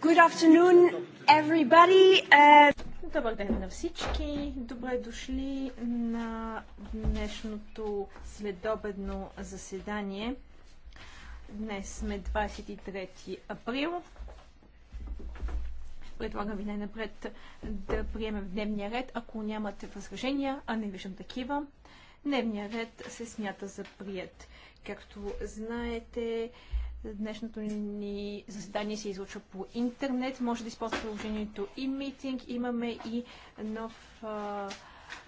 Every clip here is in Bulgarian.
Good afternoon, everybody. Uh... Добър ден на всички. Добре дошли на днешното следобедно заседание. Днес сме 23 април. Предлагам ви най-напред да приемем дневния ред, ако нямате възражения, а не виждам такива. Дневния ред се смята за прият. Както знаете, Днешното ни заседание се излучва по интернет. Може да използвате приложението и митинг. Имаме и нов а,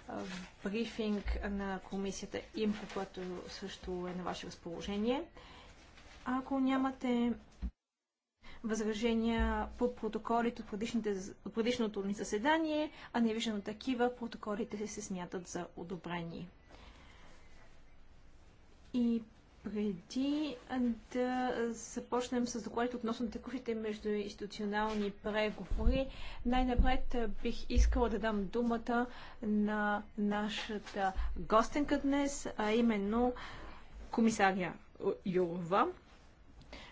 а, брифинг на комисията ИМКО, което също е на ваше разположение. Ако нямате възражения по протоколите от, предишното ни заседание, а не е виждам такива, протоколите се смятат за одобрени. И преди да започнем с докладите относно текущите междуинституционални преговори, най-напред бих искала да дам думата на нашата гостенка днес, а именно комисаря Юрова.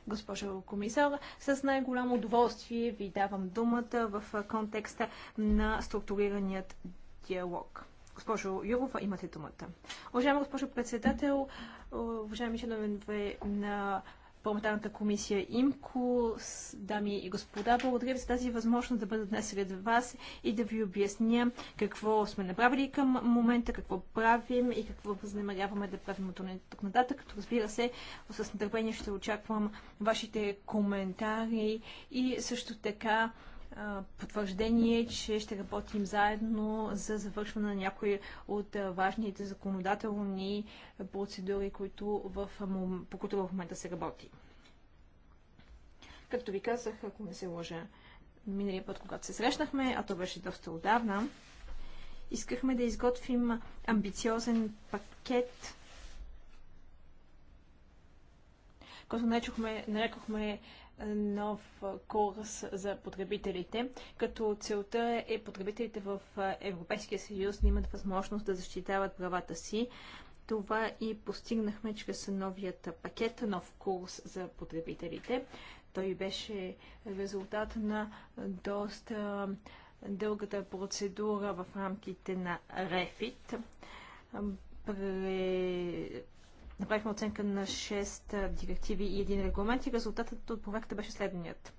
Госпожо комисар, с най-голямо удоволствие ви давам думата в контекста на структурираният диалог. Госпожо Юрова, имате думата. Уважаема госпожо председател, уважаеми членове на парламентарната комисия ИМКО, дами и господа, благодаря ви за тази възможност да бъда днес сред вас и да ви обясня какво сме направили към момента, какво правим и какво възнамеряваме да правим от тук нататък. Като разбира се, с нетърпение ще очаквам вашите коментари и също така потвърждение, че ще работим заедно за завършване на някои от важните законодателни процедури, които в, по които в момента се работи. Както ви казах, ако не се лъжа, миналия път, когато се срещнахме, а то беше доста отдавна, искахме да изготвим амбициозен пакет, който наречохме, нарекохме нов курс за потребителите, като целта е потребителите в Европейския съюз да имат възможност да защитават правата си. Това и постигнахме чрез новият пакет, нов курс за потребителите. Той беше резултат на доста дългата процедура в рамките на РЕФИТ Направихме оценка на 6 директиви и един регламент и резултатът от проверката беше следният.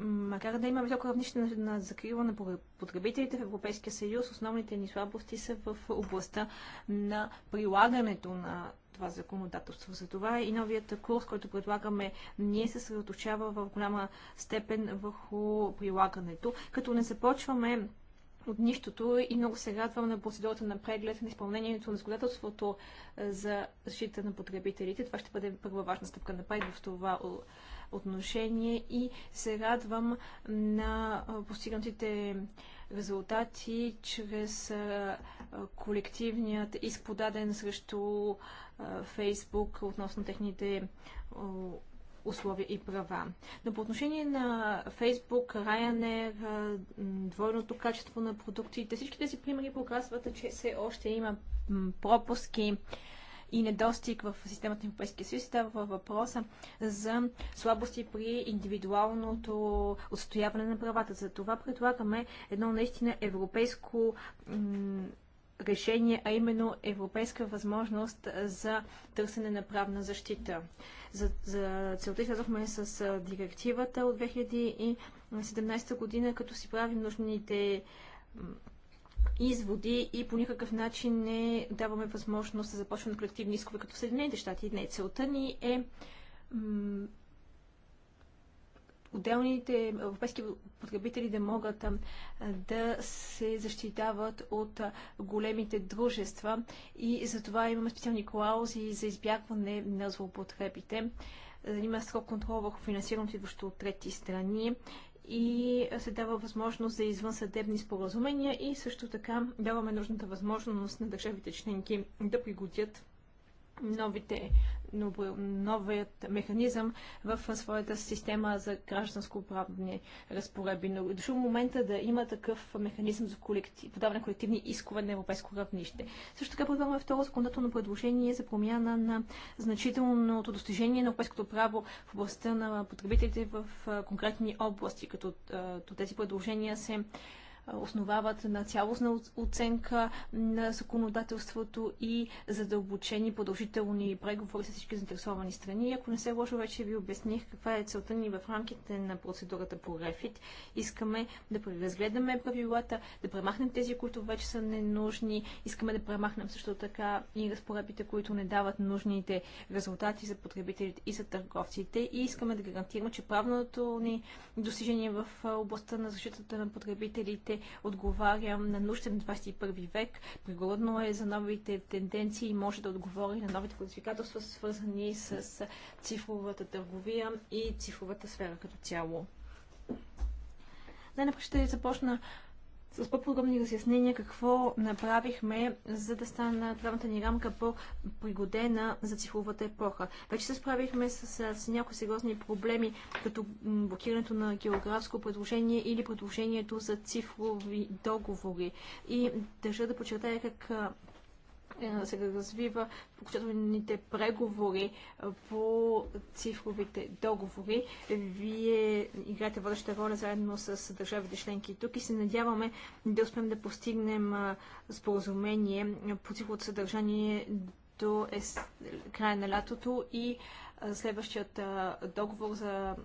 Макар да има високо равнище на закрива на потребителите в Европейския съюз, основните ни слабости са в областта на прилагането на това законодателство. Затова и новият курс, който предлагаме, ние се съсредоточава в голяма степен върху прилагането, като не започваме от нищото и много се радвам на процедурата на преглед на изпълнението на законодателството е, за защита на потребителите. Това ще бъде първа важна стъпка напред в това отношение и се радвам на е, постигнатите резултати чрез е, колективният изподаден срещу Фейсбук относно техните условия и права. Но по отношение на Facebook, Ryanair, двойното качество на продуктите, всички тези примери показват, че все още има пропуски и недостиг в системата на Европейския съюз. Става въпроса за слабости при индивидуалното отстояване на правата. За това предлагаме едно наистина европейско решение, а именно европейска възможност за търсене на правна защита. За, за целта излязохме с директивата от 2017 година, като си правим нужните изводи и по никакъв начин не даваме възможност да започваме на колективни искове като в Съединените щати. Не, целта ни е отделните европейски потребители да могат да се защитават от големите дружества и за това имаме специални клаузи за избягване на злоупотребите. Има строг контрол върху финансирането, идващо от трети страни и се дава възможност за извънсъдебни споразумения и също така даваме нужната възможност на държавите членки да пригодят новите, новият механизъм в своята система за гражданско-правни разпоредби. Но е дошъл момента да има такъв механизъм за колектив, подаване на колективни искове на европейско равнище. Също така предлагаме второ законодателно предложение за промяна на значителното достижение на европейското право в областта на потребителите в конкретни области, като тези предложения се основават на цялостна оценка на законодателството и задълбочени продължителни преговори с всички заинтересовани страни. И ако не се лошо, вече ви обясних каква е целта ни в рамките на процедурата по Рефит. Искаме да преразгледаме правилата, да премахнем тези, които вече са ненужни. Искаме да премахнем също така и разпоредбите, които не дават нужните резултати за потребителите и за търговците. И искаме да гарантираме, че правното ни достижение в областта на защитата на потребителите отговарям на нужда на 21 век. Пригодно е за новите тенденции и може да отговори на новите предизвикателства, свързани с цифровата търговия и цифровата сфера като цяло. Най-напред ще започна с по-подробни разяснения какво направихме, за да стане правната ни рамка по-пригодена за цифровата епоха. Вече се справихме с, с, с някои сериозни проблеми, като блокирането на географско предложение или предложението за цифрови договори. И държа да подчертая как да е, се развива включителните преговори е, по цифровите договори. Вие играете водеща роля заедно с държавите членки тук и се надяваме да успеем да постигнем е, споразумение по цифровото съдържание до края на лятото и следващият договор за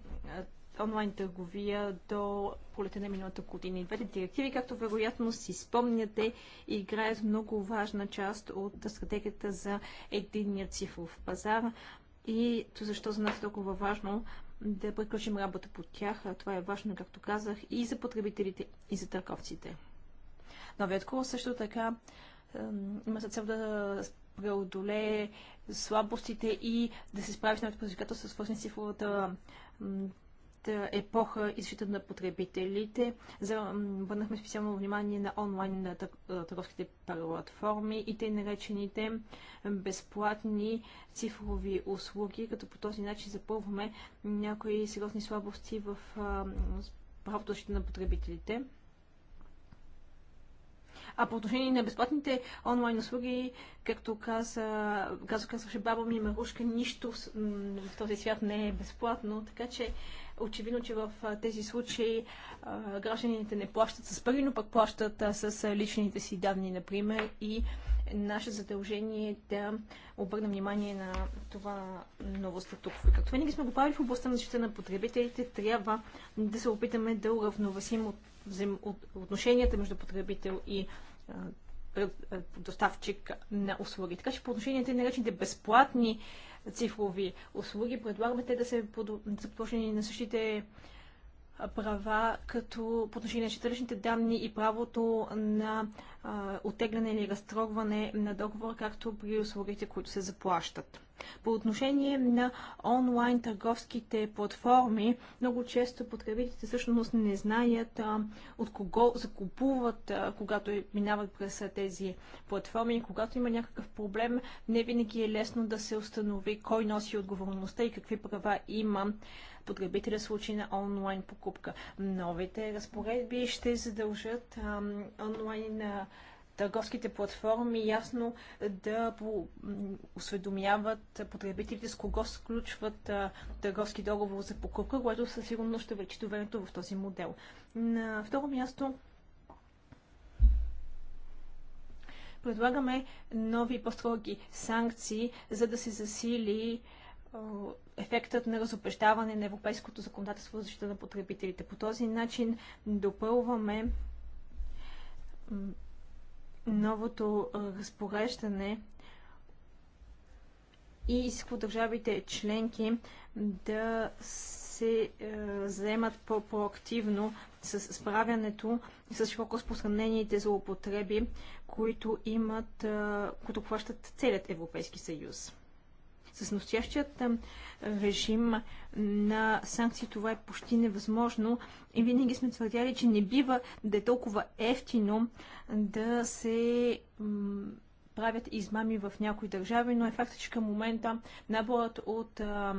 онлайн търговия до полета на миналата година. И двете директиви, както вероятно си спомняте, играят много важна част от стратегията за единния цифров пазар. И то защо за нас е толкова важно да приключим работа по тях. Това е важно, както казах, и за потребителите, и за търговците. Новият курс също така има за цел да преодолее слабостите и да се справи с новите предизвикателства, свързани с цифровата епоха и защита на потребителите. Върнахме специално внимание на онлайн търговските платформи и те наречените безплатни цифрови услуги, като по този начин запълваме някои сериозни слабости в правото защита на потребителите. А по отношение на безплатните онлайн услуги, както каза, каза казваше баба ми Марушка, нищо в този свят не е безплатно, така че очевидно, че в тези случаи гражданите не плащат с пари, но пък плащат с личните си данни, например, и наше задължение е да обърнем внимание на това новостта тук. Както винаги сме го правили в областта на защита на потребителите, трябва да се опитаме да уравновесим от отношенията между потребител и доставчик на услуги. Така че по отношение на тези наречените безплатни цифрови услуги, предлагаме те да се подложени на същите права, като по отношение на четвършните данни и правото на а, отегляне или разтрогване на договор, както при услугите, които се заплащат. По отношение на онлайн търговските платформи, много често потребителите всъщност не знаят а, от кого закупуват, а, когато е- минават през тези платформи. Когато има някакъв проблем, не винаги е лесно да се установи кой носи отговорността и какви права има потребителя в случай на онлайн покупка. Новите разпоредби ще задължат а, онлайн а, търговските платформи ясно да осведомяват потребителите с кого сключват търговски договор за покупка, което със сигурност ще вече доверието в този модел. На второ място предлагаме нови по-строги санкции, за да се засили ефектът на разобеждаване на европейското законодателство за защита на потребителите. По този начин допълваме новото разпореждане и изисква държавите членки да се е, заемат по-проактивно с справянето с широко разпространените злоупотреби, които имат, е, които хващат целият Европейски съюз. С настоящият режим на санкции това е почти невъзможно и винаги сме твърдяли, че не бива да е толкова ефтино да се правят измами в някои държави, но е факт, че към момента наборът от а,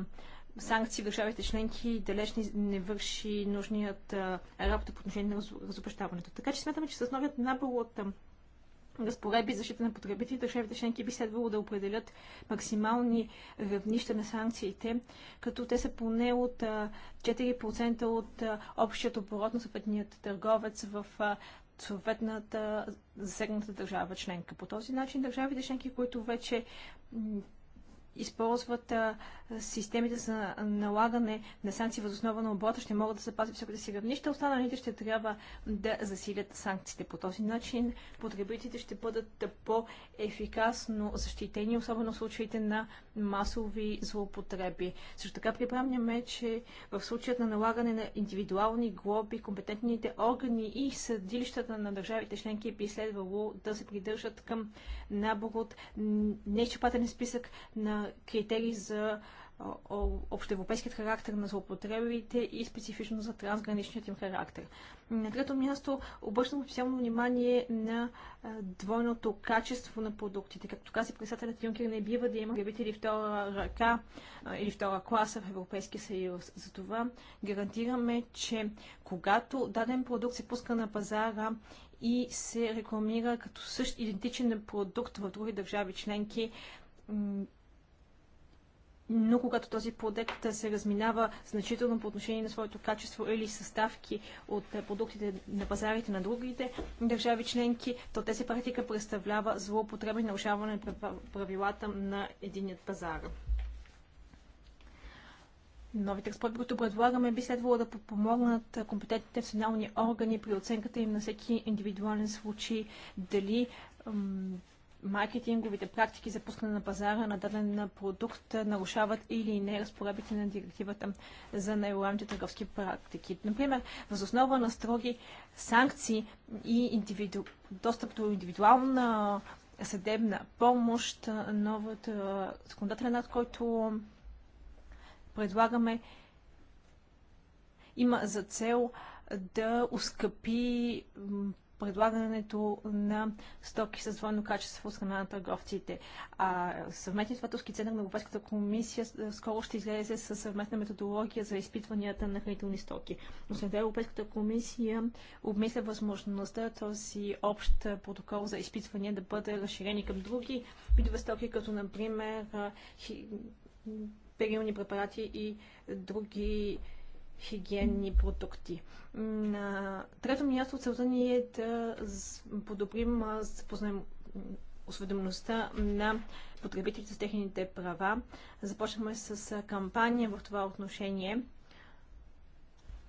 санкции в държавите членки далеч не, не върши нужният а, работа по отношение на разобщаването. Така че смятаме, че с новият набор от разпоредби за защита на потребителите, държавите членки би следвало да определят максимални равнища на санкциите, като те са поне от 4% от общият оборот на съответният търговец в съответната засегната държава членка. По този начин държавите членки, които вече използват а, системите за налагане на санкции въз основа на обота, ще могат да запазят високите си равнища, останалите ще трябва да засилят санкциите. По този начин потребителите ще бъдат по-ефикасно защитени, особено в случаите на масови злоупотреби. Също така припомняме, че в случаят на налагане на индивидуални глоби, компетентните органи и съдилищата на държавите членки би следвало да се придържат към набор от неизчерпателен списък на критерии за общоевропейският характер на злоупотребите и специфично за трансграничният им характер. На трето място обръщам специално внимание на двойното качество на продуктите. Както каза председателят Юнкер, не бива да има грабители втора ръка или втора класа в Европейския съюз. Затова гарантираме, че когато даден продукт се пуска на пазара и се рекламира като същ идентичен продукт в други държави членки, но когато този продукт се разминава значително по отношение на своето качество или съставки от продуктите на пазарите на другите държави членки, то тези практика представлява злоупотреба и нарушаване на правилата на единият пазар. Новите разпоредби, които предлагаме, би следвало да подпомогнат компетентните национални органи при оценката им на всеки индивидуален случай, дали маркетинговите практики за пускане на пазара на даден продукт нарушават или не разпоредбите на директивата за нелоялните търговски практики. Например, възоснова на строги санкции и индивиду... достъп до индивидуална съдебна помощ, новата законодателен акт, който предлагаме, има за цел да ускъпи предлагането на стоки с двойно качество от страна на търговците. А съвместният това център на Европейската комисия скоро ще излезе с съвместна методология за изпитванията на хранителни стоки. Но след Европейската комисия обмисля възможността този общ протокол за изпитвания да бъде разширен и към други видове стоки, като например перилни препарати и други хигиенни продукти. На трето място целта ни е да подобрим осведомеността на потребителите с техните права. Започваме с кампания в това отношение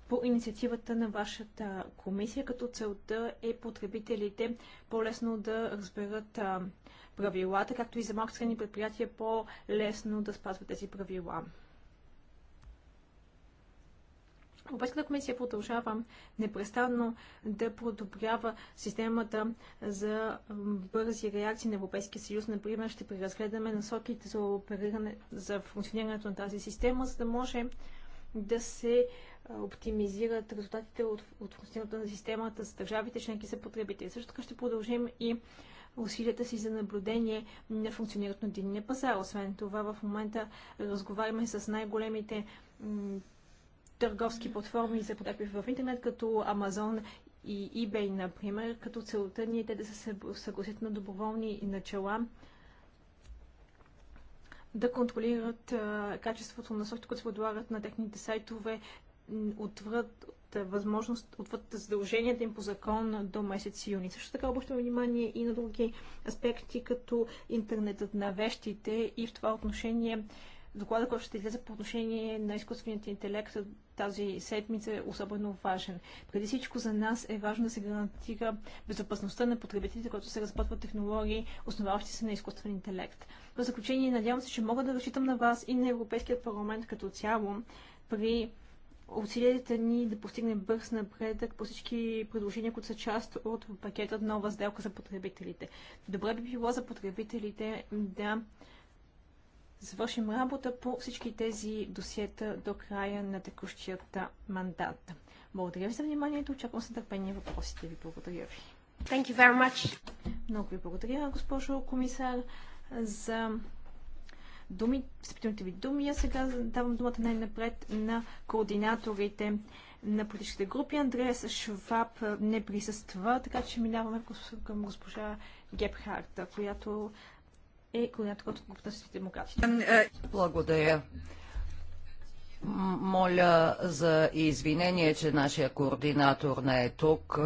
по инициативата на вашата комисия, като целта е потребителите по-лесно да разберат правилата, както и за малки предприятия по-лесно да спазват тези правила. Европейската комисия продължава непрестанно да подобрява системата за бързи реакции на Европейския съюз. Например, ще преразгледаме насоките за опериране, за функционирането на тази система, за да може да се оптимизират резултатите от, от функционирането на системата за държавите, членки за потребители. Също така ще продължим и усилията си за наблюдение на функционирането на единния пазар. Освен това, в момента разговаряме с най-големите търговски платформи за продажби в интернет, като Амазон и eBay, например, като целта ни е те да се съгласят на доброволни начала да контролират а, качеството на софта, които се предлагат на техните сайтове отвъд възможност, отвъд задълженията им по закон до месец юни. Също така обръщаме внимание и на други аспекти, като интернетът на вещите и в това отношение доклада, който ще излезе по отношение на изкуственият интелект тази седмица е особено важен. Преди всичко за нас е важно да се гарантира безопасността на потребителите, които се разпътват технологии, основаващи се на изкуствен интелект. В заключение, надявам се, че мога да разчитам на вас и на Европейския парламент като цяло при усилията ни да постигнем бърз напредък по всички предложения, които са част от пакета нова сделка за потребителите. Добре би било за потребителите да завършим работа по всички тези досиета до края на текущията мандат. Благодаря ви за вниманието. Очаквам с нетърпение въпросите ви. Благодаря ви. Thank you very much. Много ви благодаря, госпожо комисар, за думи, спитаните ви думи. Я сега давам думата най-напред на координаторите на политическите групи. Андреас Шваб не присъства, така че минаваме към госпожа Гепхарта, която е която от групата си демократите. Е, Благодаря. Моля за извинение, че нашия координатор не е тук.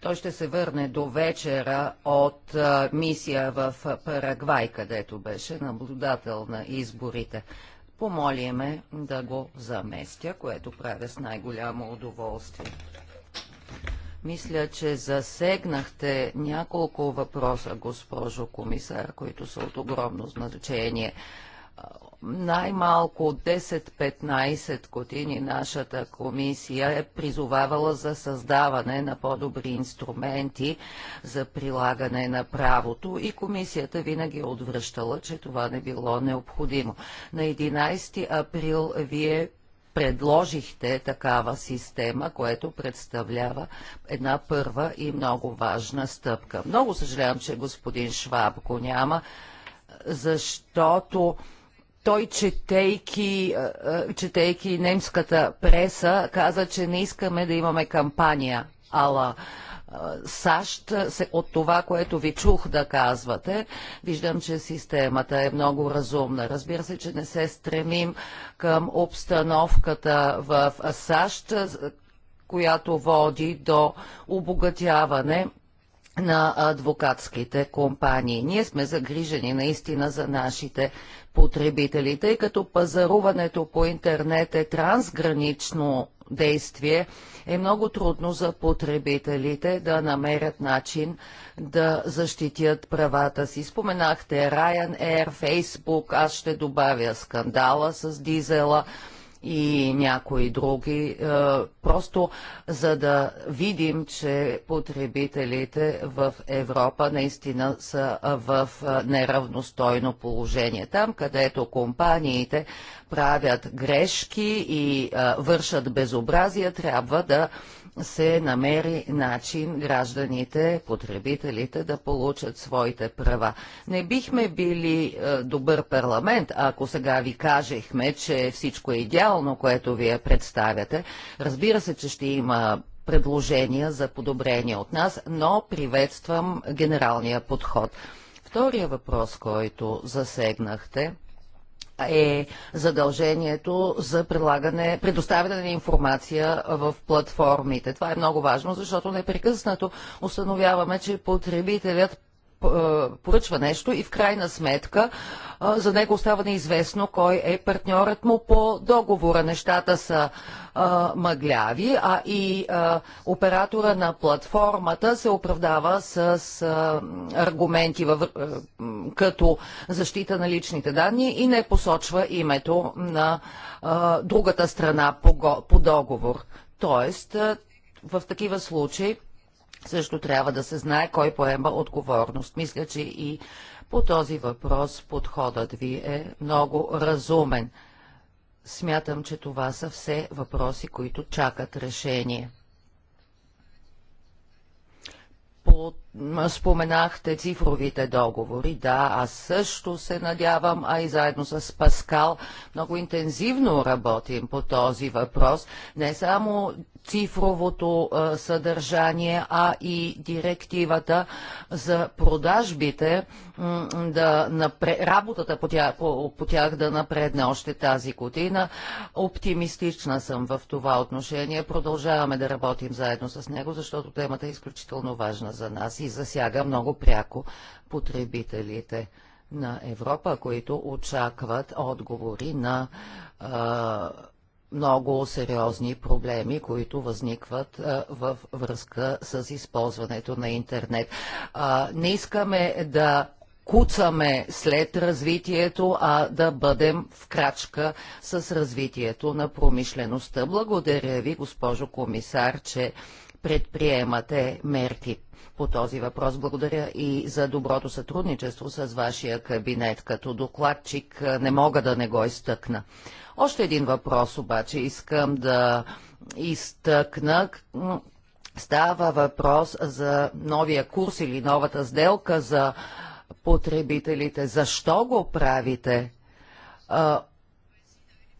Той ще се върне до вечера от е, мисия в Парагвай, където беше наблюдател на изборите. Помолиме да го заместя, което правя с най-голямо удоволствие. Мисля, че засегнахте няколко въпроса, госпожо комисар, които са от огромно значение най-малко 10-15 години нашата комисия е призовавала за създаване на по-добри инструменти за прилагане на правото и комисията винаги е отвръщала, че това не било необходимо. На 11 април вие предложихте такава система, което представлява една първа и много важна стъпка. Много съжалявам, че господин Шваб го няма, защото той, четейки, четейки немската преса, каза, че не искаме да имаме кампания ала САЩ от това, което ви чух да казвате. Виждам, че системата е много разумна. Разбира се, че не се стремим към обстановката в САЩ, която води до обогатяване на адвокатските компании. Ние сме загрижени наистина за нашите потребители, тъй като пазаруването по интернет е трансгранично действие е много трудно за потребителите да намерят начин да защитят правата си. Споменахте Ryanair, Facebook, аз ще добавя скандала с дизела – и някои други, е, просто за да видим, че потребителите в Европа наистина са в е, неравностойно положение. Там, където компаниите правят грешки и е, вършат безобразия, трябва да се намери начин гражданите, потребителите да получат своите права. Не бихме били е, добър парламент, ако сега ви кажехме, че всичко е идеално, което вие представяте. Разбира се, че ще има предложения за подобрение от нас, но приветствам генералния подход. Втория въпрос, който засегнахте – е задължението за прилагане, предоставяне на информация в платформите. Това е много важно, защото непрекъснато установяваме, че потребителят поръчва нещо и в крайна сметка за него остава неизвестно кой е партньорът му по договора. Нещата са мъгляви, а и оператора на платформата се оправдава с аргументи във... като защита на личните данни и не посочва името на другата страна по договор. Тоест, в такива случаи също трябва да се знае кой поема отговорност. Мисля, че и по този въпрос подходът ви е много разумен. Смятам, че това са все въпроси, които чакат решение. По... Споменахте цифровите договори. Да, аз също се надявам, а и заедно с Паскал много интензивно работим по този въпрос. Не само цифровото а, съдържание, а и директивата за продажбите, да напре... работата по тях, по, по тях да напредне още тази година. Оптимистична съм в това отношение. Продължаваме да работим заедно с него, защото темата е изключително важна за нас и засяга много пряко потребителите на Европа, които очакват отговори на а, много сериозни проблеми, които възникват в връзка с използването на интернет. Не искаме да куцаме след развитието, а да бъдем в крачка с развитието на промишлеността. Благодаря ви, госпожо комисар, че предприемате мерки по този въпрос. Благодаря и за доброто сътрудничество с вашия кабинет. Като докладчик не мога да не го изтъкна. Още един въпрос обаче искам да изтъкна. Става въпрос за новия курс или новата сделка за потребителите. Защо го правите?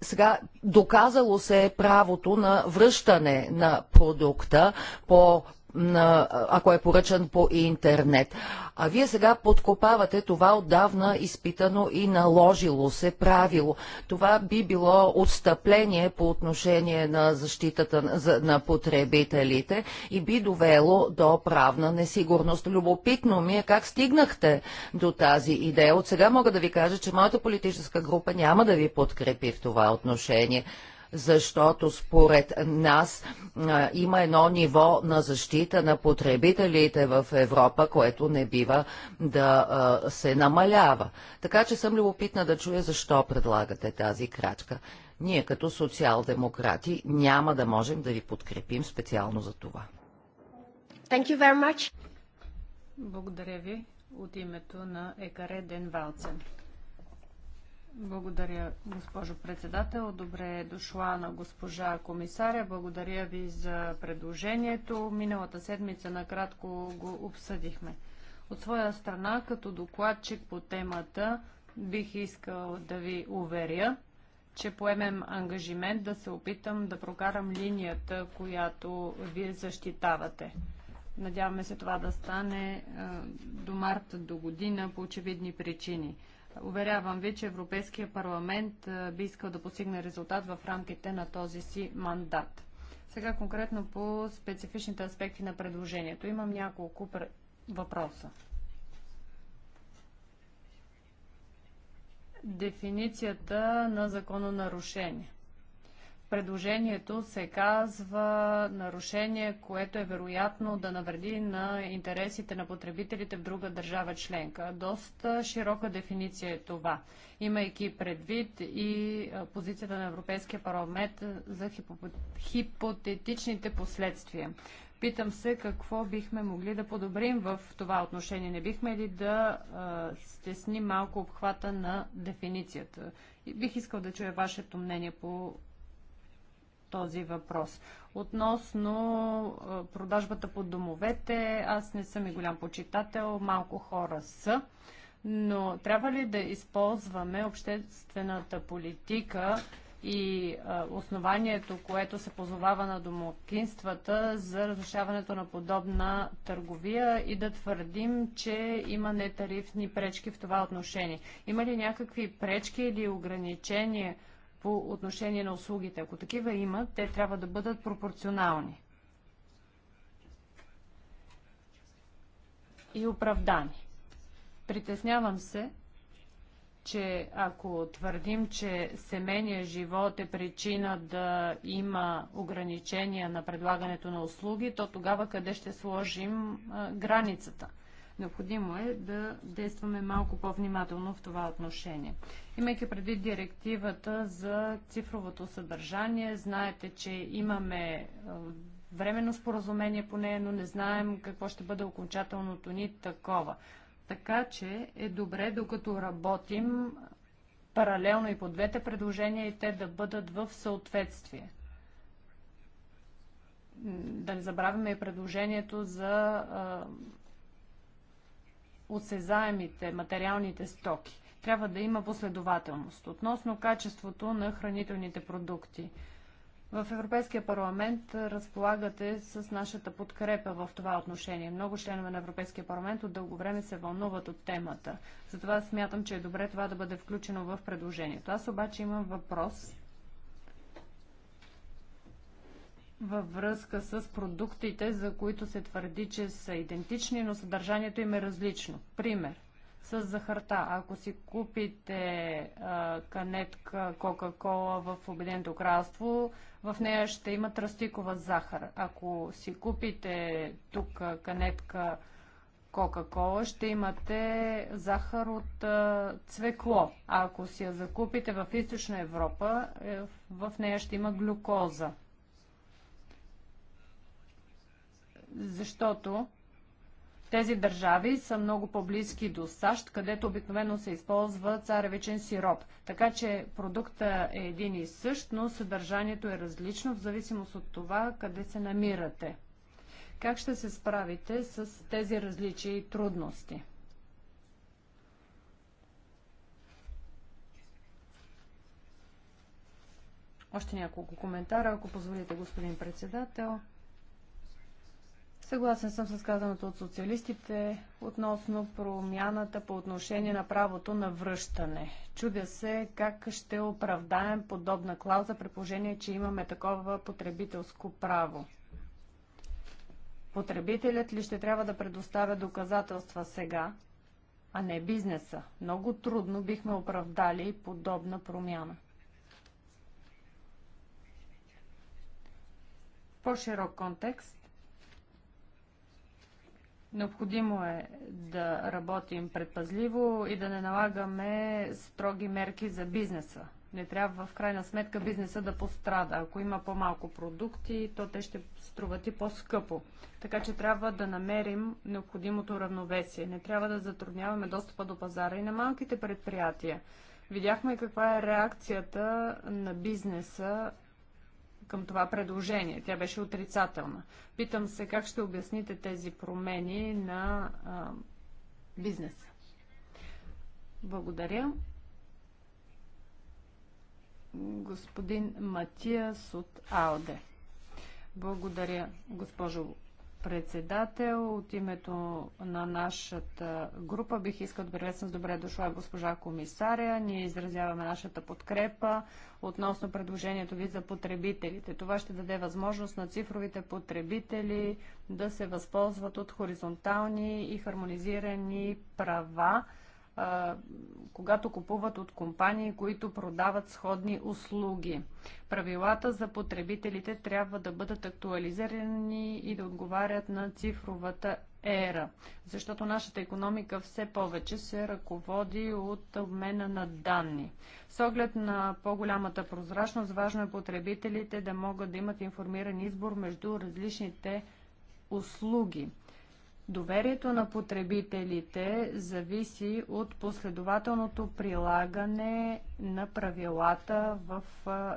сега доказало се е правото на връщане на продукта по на, ако е поръчан по интернет. А вие сега подкопавате това отдавна изпитано и наложило се правило. Това би било отстъпление по отношение на защитата на потребителите и би довело до правна несигурност. Любопитно ми е как стигнахте до тази идея. От сега мога да ви кажа, че моята политическа група няма да ви подкрепи в това отношение защото според нас а, има едно ниво на защита на потребителите в Европа, което не бива да а, се намалява. Така че съм любопитна да чуя защо предлагате тази крачка. Ние като социал-демократи няма да можем да ви подкрепим специално за това. Thank you very much. Благодаря ви от името на Екаре Ден Валцен. Благодаря, госпожо председател. Добре е дошла на госпожа комисаря. Благодаря ви за предложението. Миналата седмица накратко го обсъдихме. От своя страна, като докладчик по темата, бих искал да ви уверя, че поемем ангажимент да се опитам да прокарам линията, която вие защитавате. Надяваме се това да стане до март до година по очевидни причини. Уверявам ви, че Европейския парламент би искал да постигне резултат в рамките на този си мандат. Сега конкретно по специфичните аспекти на предложението. Имам няколко въпроса. Дефиницията на закононарушение предложението се казва нарушение, което е вероятно да навреди на интересите на потребителите в друга държава членка. Доста широка дефиниция е това, имайки предвид и позицията на Европейския парламент за хипотетичните последствия. Питам се какво бихме могли да подобрим в това отношение. Не бихме ли да а, стесним малко обхвата на дефиницията? И бих искал да чуя вашето мнение по този въпрос. Относно продажбата по домовете, аз не съм и голям почитател, малко хора са, но трябва ли да използваме обществената политика и основанието, което се позовава на домокинствата за разрушаването на подобна търговия и да твърдим, че има нетарифни пречки в това отношение. Има ли някакви пречки или ограничения? по отношение на услугите. Ако такива има, те трябва да бъдат пропорционални и оправдани. Притеснявам се, че ако твърдим, че семейният живот е причина да има ограничения на предлагането на услуги, то тогава къде ще сложим а, границата? Необходимо е да действаме малко по-внимателно в това отношение. Имайки преди директивата за цифровото съдържание, знаете, че имаме е, временно споразумение по нея, но не знаем какво ще бъде окончателното ни такова. Така че е добре, докато работим паралелно и по двете предложения и те да бъдат в съответствие. Да не забравяме и предложението за а, осезаемите материалните стоки. Трябва да има последователност. Относно качеството на хранителните продукти. В Европейския парламент разполагате с нашата подкрепа в това отношение. Много членове на Европейския парламент от дълго време се вълнуват от темата. Затова смятам, че е добре това да бъде включено в предложението. Аз обаче имам въпрос във връзка с продуктите, за които се твърди, че са идентични, но съдържанието им е различно. Пример с захарта. Ако си купите а, канетка Кока-Кола в Обединеното кралство, в нея ще има тръстикова захар. Ако си купите тук канетка Кока-Кола, ще имате захар от а, цвекло. А ако си я закупите в Източна Европа, е, в нея ще има глюкоза. защото тези държави са много по-близки до САЩ, където обикновено се използва царевичен сироп. Така че продукта е един и същ, но съдържанието е различно в зависимост от това къде се намирате. Как ще се справите с тези различия и трудности? Още няколко коментара, ако позволите, господин председател. Съгласен съм с казаното от социалистите относно промяната по отношение на правото на връщане. Чудя се как ще оправдаем подобна клауза при положение, че имаме такова потребителско право. Потребителят ли ще трябва да предоставя доказателства сега, а не бизнеса? Много трудно бихме оправдали подобна промяна. По-широк контекст Необходимо е да работим предпазливо и да не налагаме строги мерки за бизнеса. Не трябва в крайна сметка бизнеса да пострада. Ако има по-малко продукти, то те ще струват и по-скъпо. Така че трябва да намерим необходимото равновесие. Не трябва да затрудняваме достъпа до пазара и на малките предприятия. Видяхме каква е реакцията на бизнеса към това предложение. Тя беше отрицателна. Питам се как ще обясните тези промени на а, бизнеса. Благодаря. Господин Матиас от АОД. Благодаря, госпожо председател. От името на нашата група бих искал да приветствам с добре дошла госпожа комисаря. Ние изразяваме нашата подкрепа относно предложението ви за потребителите. Това ще даде възможност на цифровите потребители да се възползват от хоризонтални и хармонизирани права когато купуват от компании, които продават сходни услуги. Правилата за потребителите трябва да бъдат актуализирани и да отговарят на цифровата ера, защото нашата економика все повече се ръководи от обмена на данни. С оглед на по-голямата прозрачност, важно е потребителите да могат да имат информиран избор между различните услуги. Доверието на потребителите зависи от последователното прилагане на правилата в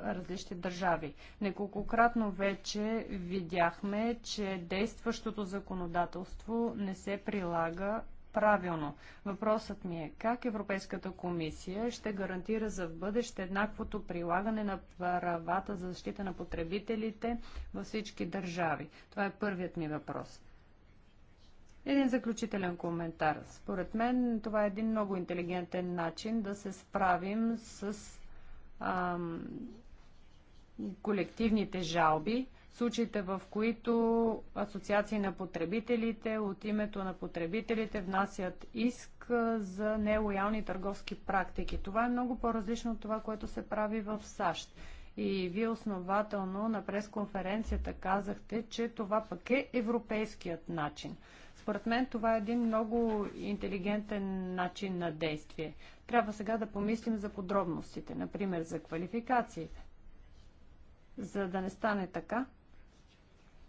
различни държави. Неколкократно вече видяхме, че действащото законодателство не се прилага правилно. Въпросът ми е как Европейската комисия ще гарантира за в бъдеще еднаквото прилагане на правата за защита на потребителите във всички държави? Това е първият ми въпрос. Един заключителен коментар. Според мен това е един много интелигентен начин да се справим с ам, колективните жалби, случаите в които асоциации на потребителите от името на потребителите внасят иск за нелоялни търговски практики. Това е много по-различно от това, което се прави в САЩ. И вие основателно на пресконференцията казахте, че това пък е европейският начин. Според мен това е един много интелигентен начин на действие. Трябва сега да помислим за подробностите, например за квалификациите. За да не стане така,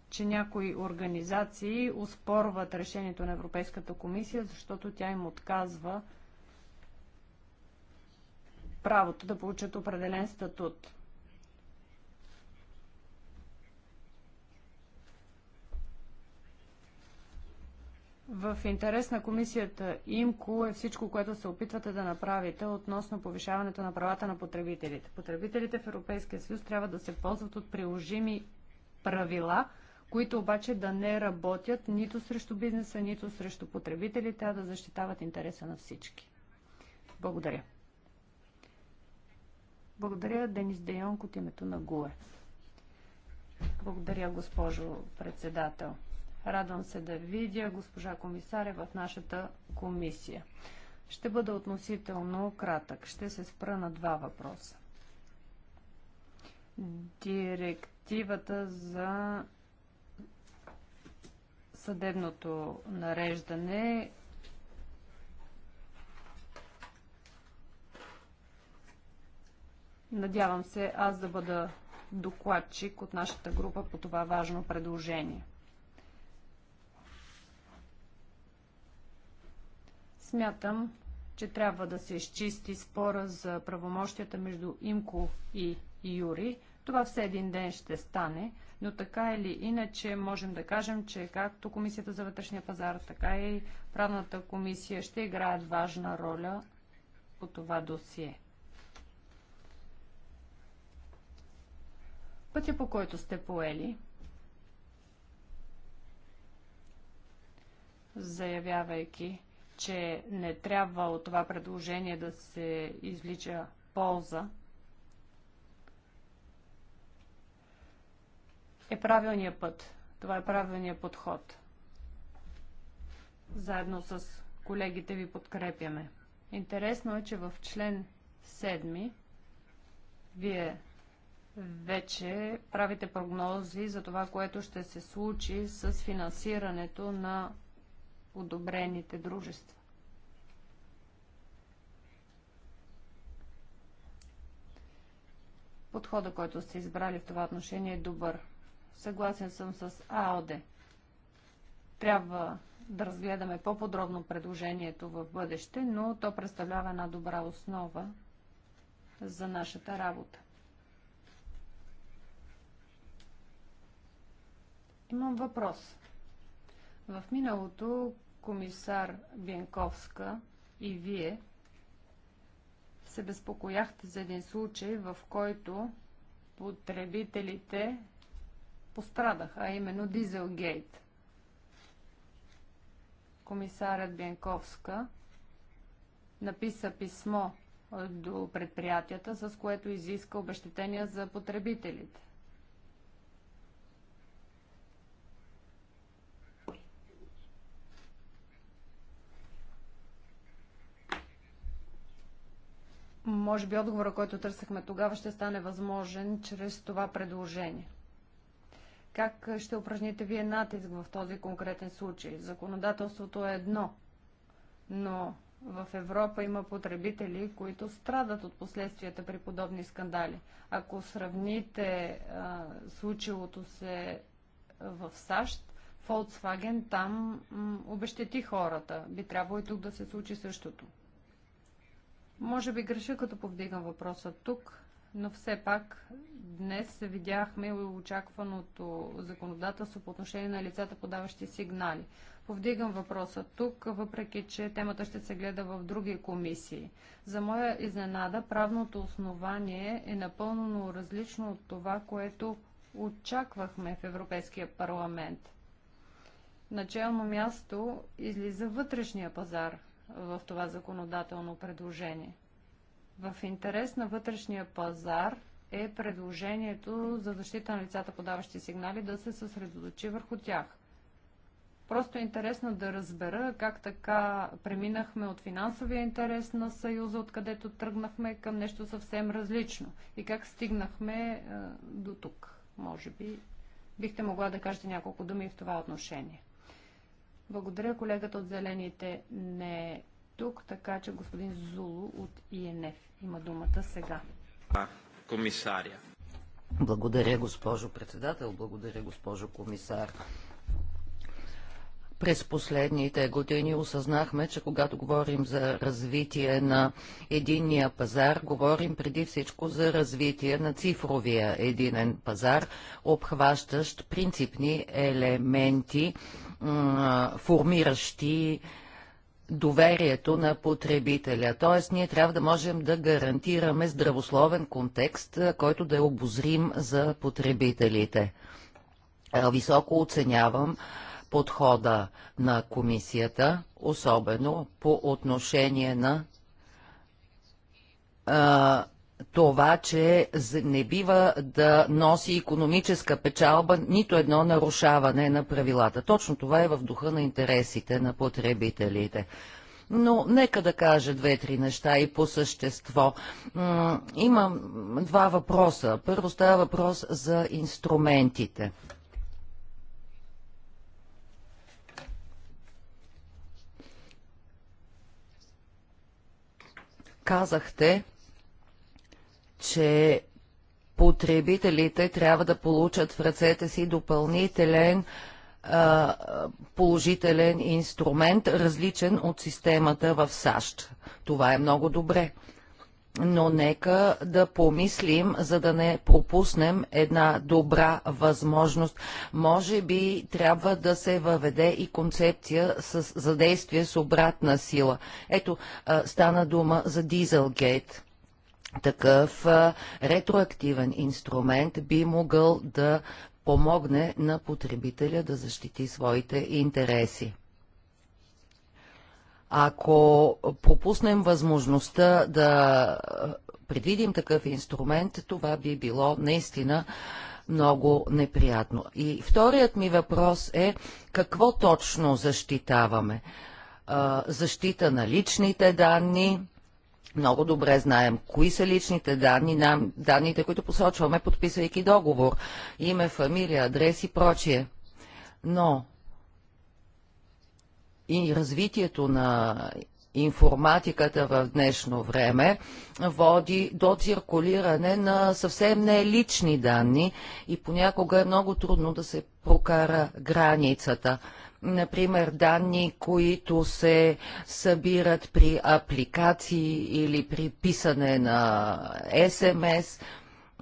че някои организации успорват решението на Европейската комисия, защото тя им отказва правото да получат определен статут. В интерес на комисията ИМКО е всичко, което се опитвате да направите относно повишаването на правата на потребителите. Потребителите в Европейския съюз трябва да се ползват от приложими правила, които обаче да не работят нито срещу бизнеса, нито срещу потребителите, а да защитават интереса на всички. Благодаря. Благодаря, Денис Дейонко от името на ГУЕ. Благодаря, госпожо председател. Радвам се да видя госпожа комисаря в нашата комисия. Ще бъда относително кратък. Ще се спра на два въпроса. Директивата за съдебното нареждане Надявам се аз да бъда докладчик от нашата група по това важно предложение. Смятам, че трябва да се изчисти спора за правомощията между Имко и Юри. Това все един ден ще стане, но така или иначе можем да кажем, че както Комисията за вътрешния пазар, така и правната комисия ще играят важна роля по това досие. Пътя по който сте поели, заявявайки, че не трябва от това предложение да се извлича полза, е правилният път. Това е правилният подход. Заедно с колегите ви подкрепяме. Интересно е, че в член 7 вие вече правите прогнози за това, което ще се случи с финансирането на одобрените дружества. Подхода, който сте избрали в това отношение е добър. Съгласен съм с АОД. Трябва да разгледаме по-подробно предложението в бъдеще, но то представлява една добра основа за нашата работа. Имам въпрос. В миналото комисар Бенковска и вие се безпокояхте за един случай, в който потребителите пострадаха, а именно Дизелгейт. Комисарят Бенковска написа писмо до предприятията, с което изиска обещетения за потребителите. може би отговора, който търсахме тогава, ще стане възможен чрез това предложение. Как е, ще упражните вие натиск в този конкретен случай? Законодателството е едно, но в Европа има потребители, които страдат от последствията при подобни скандали. Ако сравните а, е, случилото се е, в САЩ, Volkswagen там обещети хората. Би трябвало и тук да се случи същото. Може би греша, като повдигам въпроса тук, но все пак днес видяхме очакваното законодателство по отношение на лицата, подаващи сигнали. Повдигам въпроса тук, въпреки че темата ще се гледа в други комисии. За моя изненада, правното основание е напълно различно от това, което очаквахме в Европейския парламент. Начално място излиза вътрешния пазар – в това законодателно предложение. В интерес на вътрешния пазар е предложението за защита на лицата, подаващи сигнали, да се съсредоточи върху тях. Просто е интересно да разбера как така преминахме от финансовия интерес на Съюза, откъдето тръгнахме към нещо съвсем различно и как стигнахме е, до тук. Може би бихте могла да кажете няколко думи в това отношение. Благодаря. Колегата от Зелените не е тук, така че господин Зулу от ИНФ има думата сега. Комисаря. Благодаря, госпожо председател. Благодаря, госпожо комисар. През последните години осъзнахме, че когато говорим за развитие на единния пазар, говорим преди всичко за развитие на цифровия единен пазар, обхващащ принципни елементи формиращи доверието на потребителя. Тоест, ние трябва да можем да гарантираме здравословен контекст, който да е обозрим за потребителите. Високо оценявам подхода на комисията, особено по отношение на това, че не бива да носи економическа печалба нито едно нарушаване на правилата. Точно това е в духа на интересите на потребителите. Но нека да кажа две-три неща и по същество. имам два въпроса. Първо става въпрос за инструментите. Казахте, че потребителите трябва да получат в ръцете си допълнителен а, положителен инструмент, различен от системата в САЩ. Това е много добре. Но нека да помислим, за да не пропуснем една добра възможност. Може би трябва да се въведе и концепция с, за действие с обратна сила. Ето, а, стана дума за Дизелгейт такъв ретроактивен инструмент би могъл да помогне на потребителя да защити своите интереси. Ако пропуснем възможността да предвидим такъв инструмент, това би било наистина много неприятно. И вторият ми въпрос е какво точно защитаваме? Защита на личните данни – много добре знаем кои са личните данни, данните, които посочваме, подписвайки договор. Име, фамилия, адрес и прочие. Но и развитието на информатиката в днешно време води до циркулиране на съвсем не лични данни и понякога е много трудно да се прокара границата например, данни, които се събират при апликации или при писане на СМС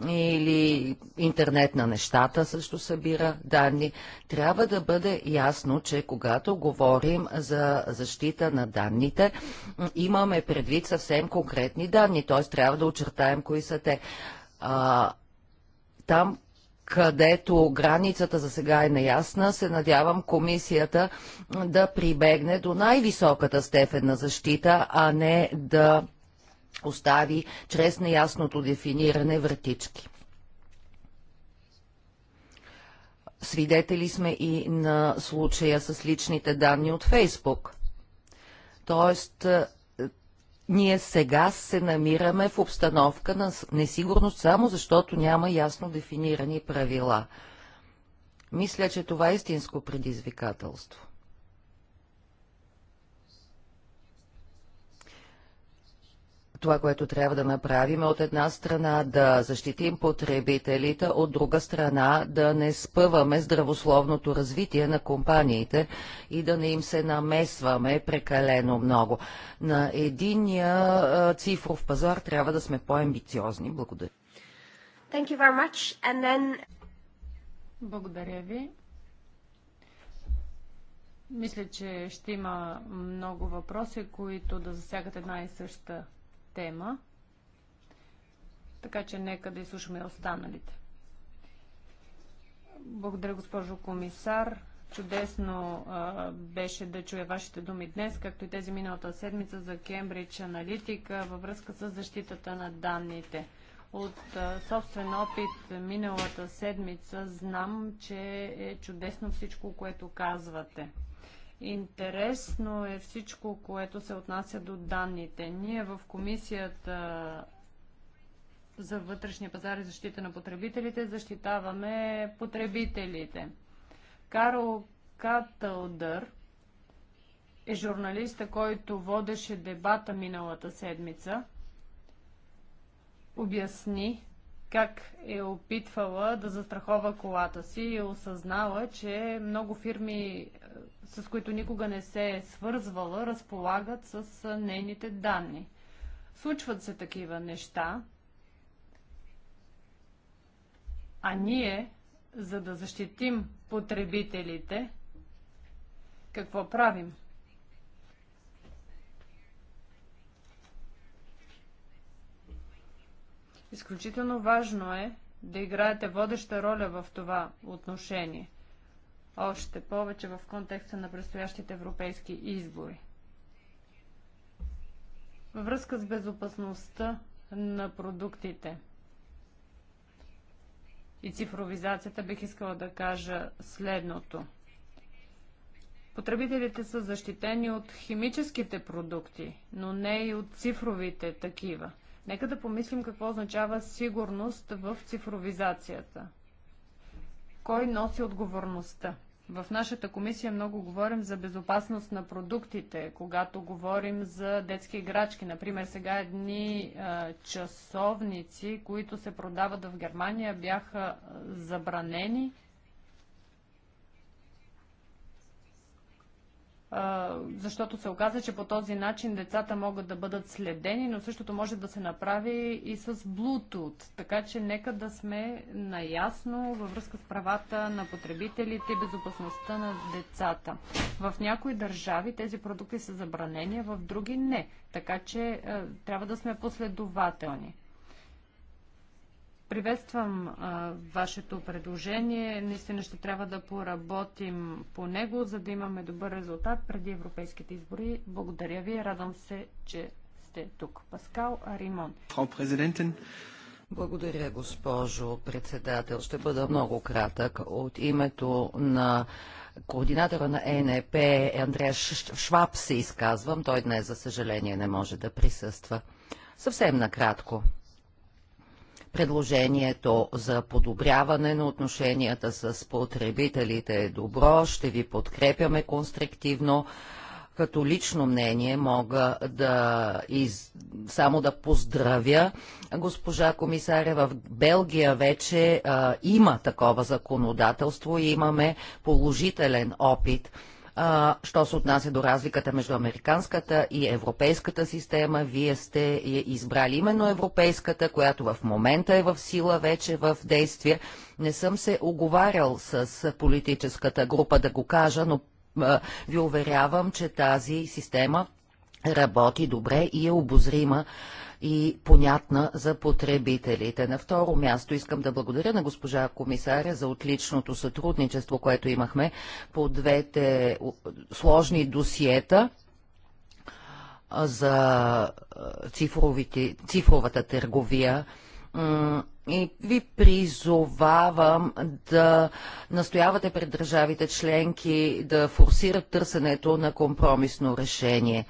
или интернет на нещата също събира данни. Трябва да бъде ясно, че когато говорим за защита на данните, имаме предвид съвсем конкретни данни, т.е. трябва да очертаем кои са те. А, там където границата за сега е неясна, се надявам комисията да прибегне до най-високата степен на защита, а не да остави чрез неясното дефиниране вратички. Свидетели сме и на случая с личните данни от Фейсбук. Тоест, ние сега се намираме в обстановка на несигурност, само защото няма ясно дефинирани правила. Мисля, че това е истинско предизвикателство. това, което трябва да направим е от една страна да защитим потребителите, от друга страна да не спъваме здравословното развитие на компаниите и да не им се намесваме прекалено много. На единия цифров пазар трябва да сме по-амбициозни. Благодаря. Thank you very much. And then... Благодаря ви. Мисля, че ще има много въпроси, които да засягат една и съща тема. Така че нека да изслушаме останалите. Благодаря, госпожо комисар. Чудесно а, беше да чуя вашите думи днес, както и тези миналата седмица за Кембридж аналитика във връзка с защитата на данните. От а, собствен опит миналата седмица знам, че е чудесно всичко, което казвате. Интересно е всичко, което се отнася до данните. Ние в комисията за вътрешния пазар и защита на потребителите защитаваме потребителите. Карл Катълдър е журналиста, който водеше дебата миналата седмица. Обясни как е опитвала да застрахова колата си и е осъзнала, че много фирми с които никога не се е свързвала, разполагат с нейните данни. Случват се такива неща, а ние, за да защитим потребителите, какво правим? Изключително важно е да играете водеща роля в това отношение още повече в контекста на предстоящите европейски избори. Във връзка с безопасността на продуктите и цифровизацията бих искала да кажа следното. Потребителите са защитени от химическите продукти, но не и от цифровите такива. Нека да помислим какво означава сигурност в цифровизацията – кой носи отговорността. В нашата комисия много говорим за безопасност на продуктите, когато говорим за детски играчки. Например, сега едни а, часовници, които се продават в Германия, бяха забранени защото се оказа, че по този начин децата могат да бъдат следени, но същото може да се направи и с Bluetooth. Така че нека да сме наясно във връзка с правата на потребителите и безопасността на децата. В някои държави тези продукти са забранени, в други не. Така че трябва да сме последователни. Приветствам а, вашето предложение. Наистина ще трябва да поработим по него, за да имаме добър резултат преди европейските избори. Благодаря ви. Радвам се, че сте тук. Паскал Аримон. Благодаря, госпожо председател. Ще бъда много кратък. От името на координатора на ЕНЕП Андрея Шваб се изказвам. Той днес, за съжаление, не може да присъства. Съвсем накратко. Предложението за подобряване на отношенията с потребителите е добро, ще ви подкрепяме конструктивно. Като лично мнение мога да из... само да поздравя госпожа комисаря. В Белгия вече а, има такова законодателство и имаме положителен опит а, що се отнася до разликата между американската и европейската система, вие сте избрали именно европейската, която в момента е в сила, вече в действие. Не съм се оговарял с политическата група да го кажа, но а, ви уверявам, че тази система работи добре и е обозрима и понятна за потребителите. На второ място искам да благодаря на госпожа комисаря за отличното сътрудничество, което имахме по двете сложни досиета за цифровите, цифровата търговия и ви призовавам да настоявате пред държавите членки да форсират търсенето на компромисно решение.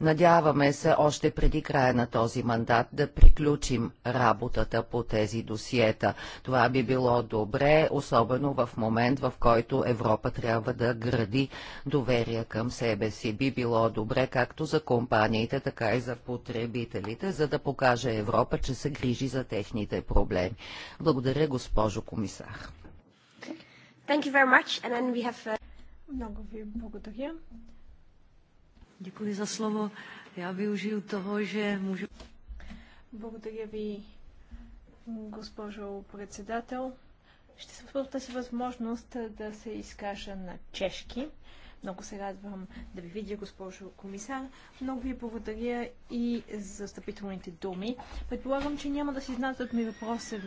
Надяваме се още преди края на този мандат да приключим работата по тези досиета. Това би било добре, особено в момент, в който Европа трябва да гради доверие към себе си. Би било добре както за компаниите, така и за потребителите, за да покаже Европа, че се грижи за техните проблеми. Благодаря, госпожо комисар. Thank you very much. And then we have... Uh, Много ви благодаря. Děkuji za slovo. Já využiju toho, že můžu... Благодаря ви, госпожо председател. Ще се възможност да се изкажа на чешки. Много се радвам да ви видя, госпожо комисар. Много ви благодаря и за встъпителните думи. Предполагам, че няма да си знатат ми въпроса,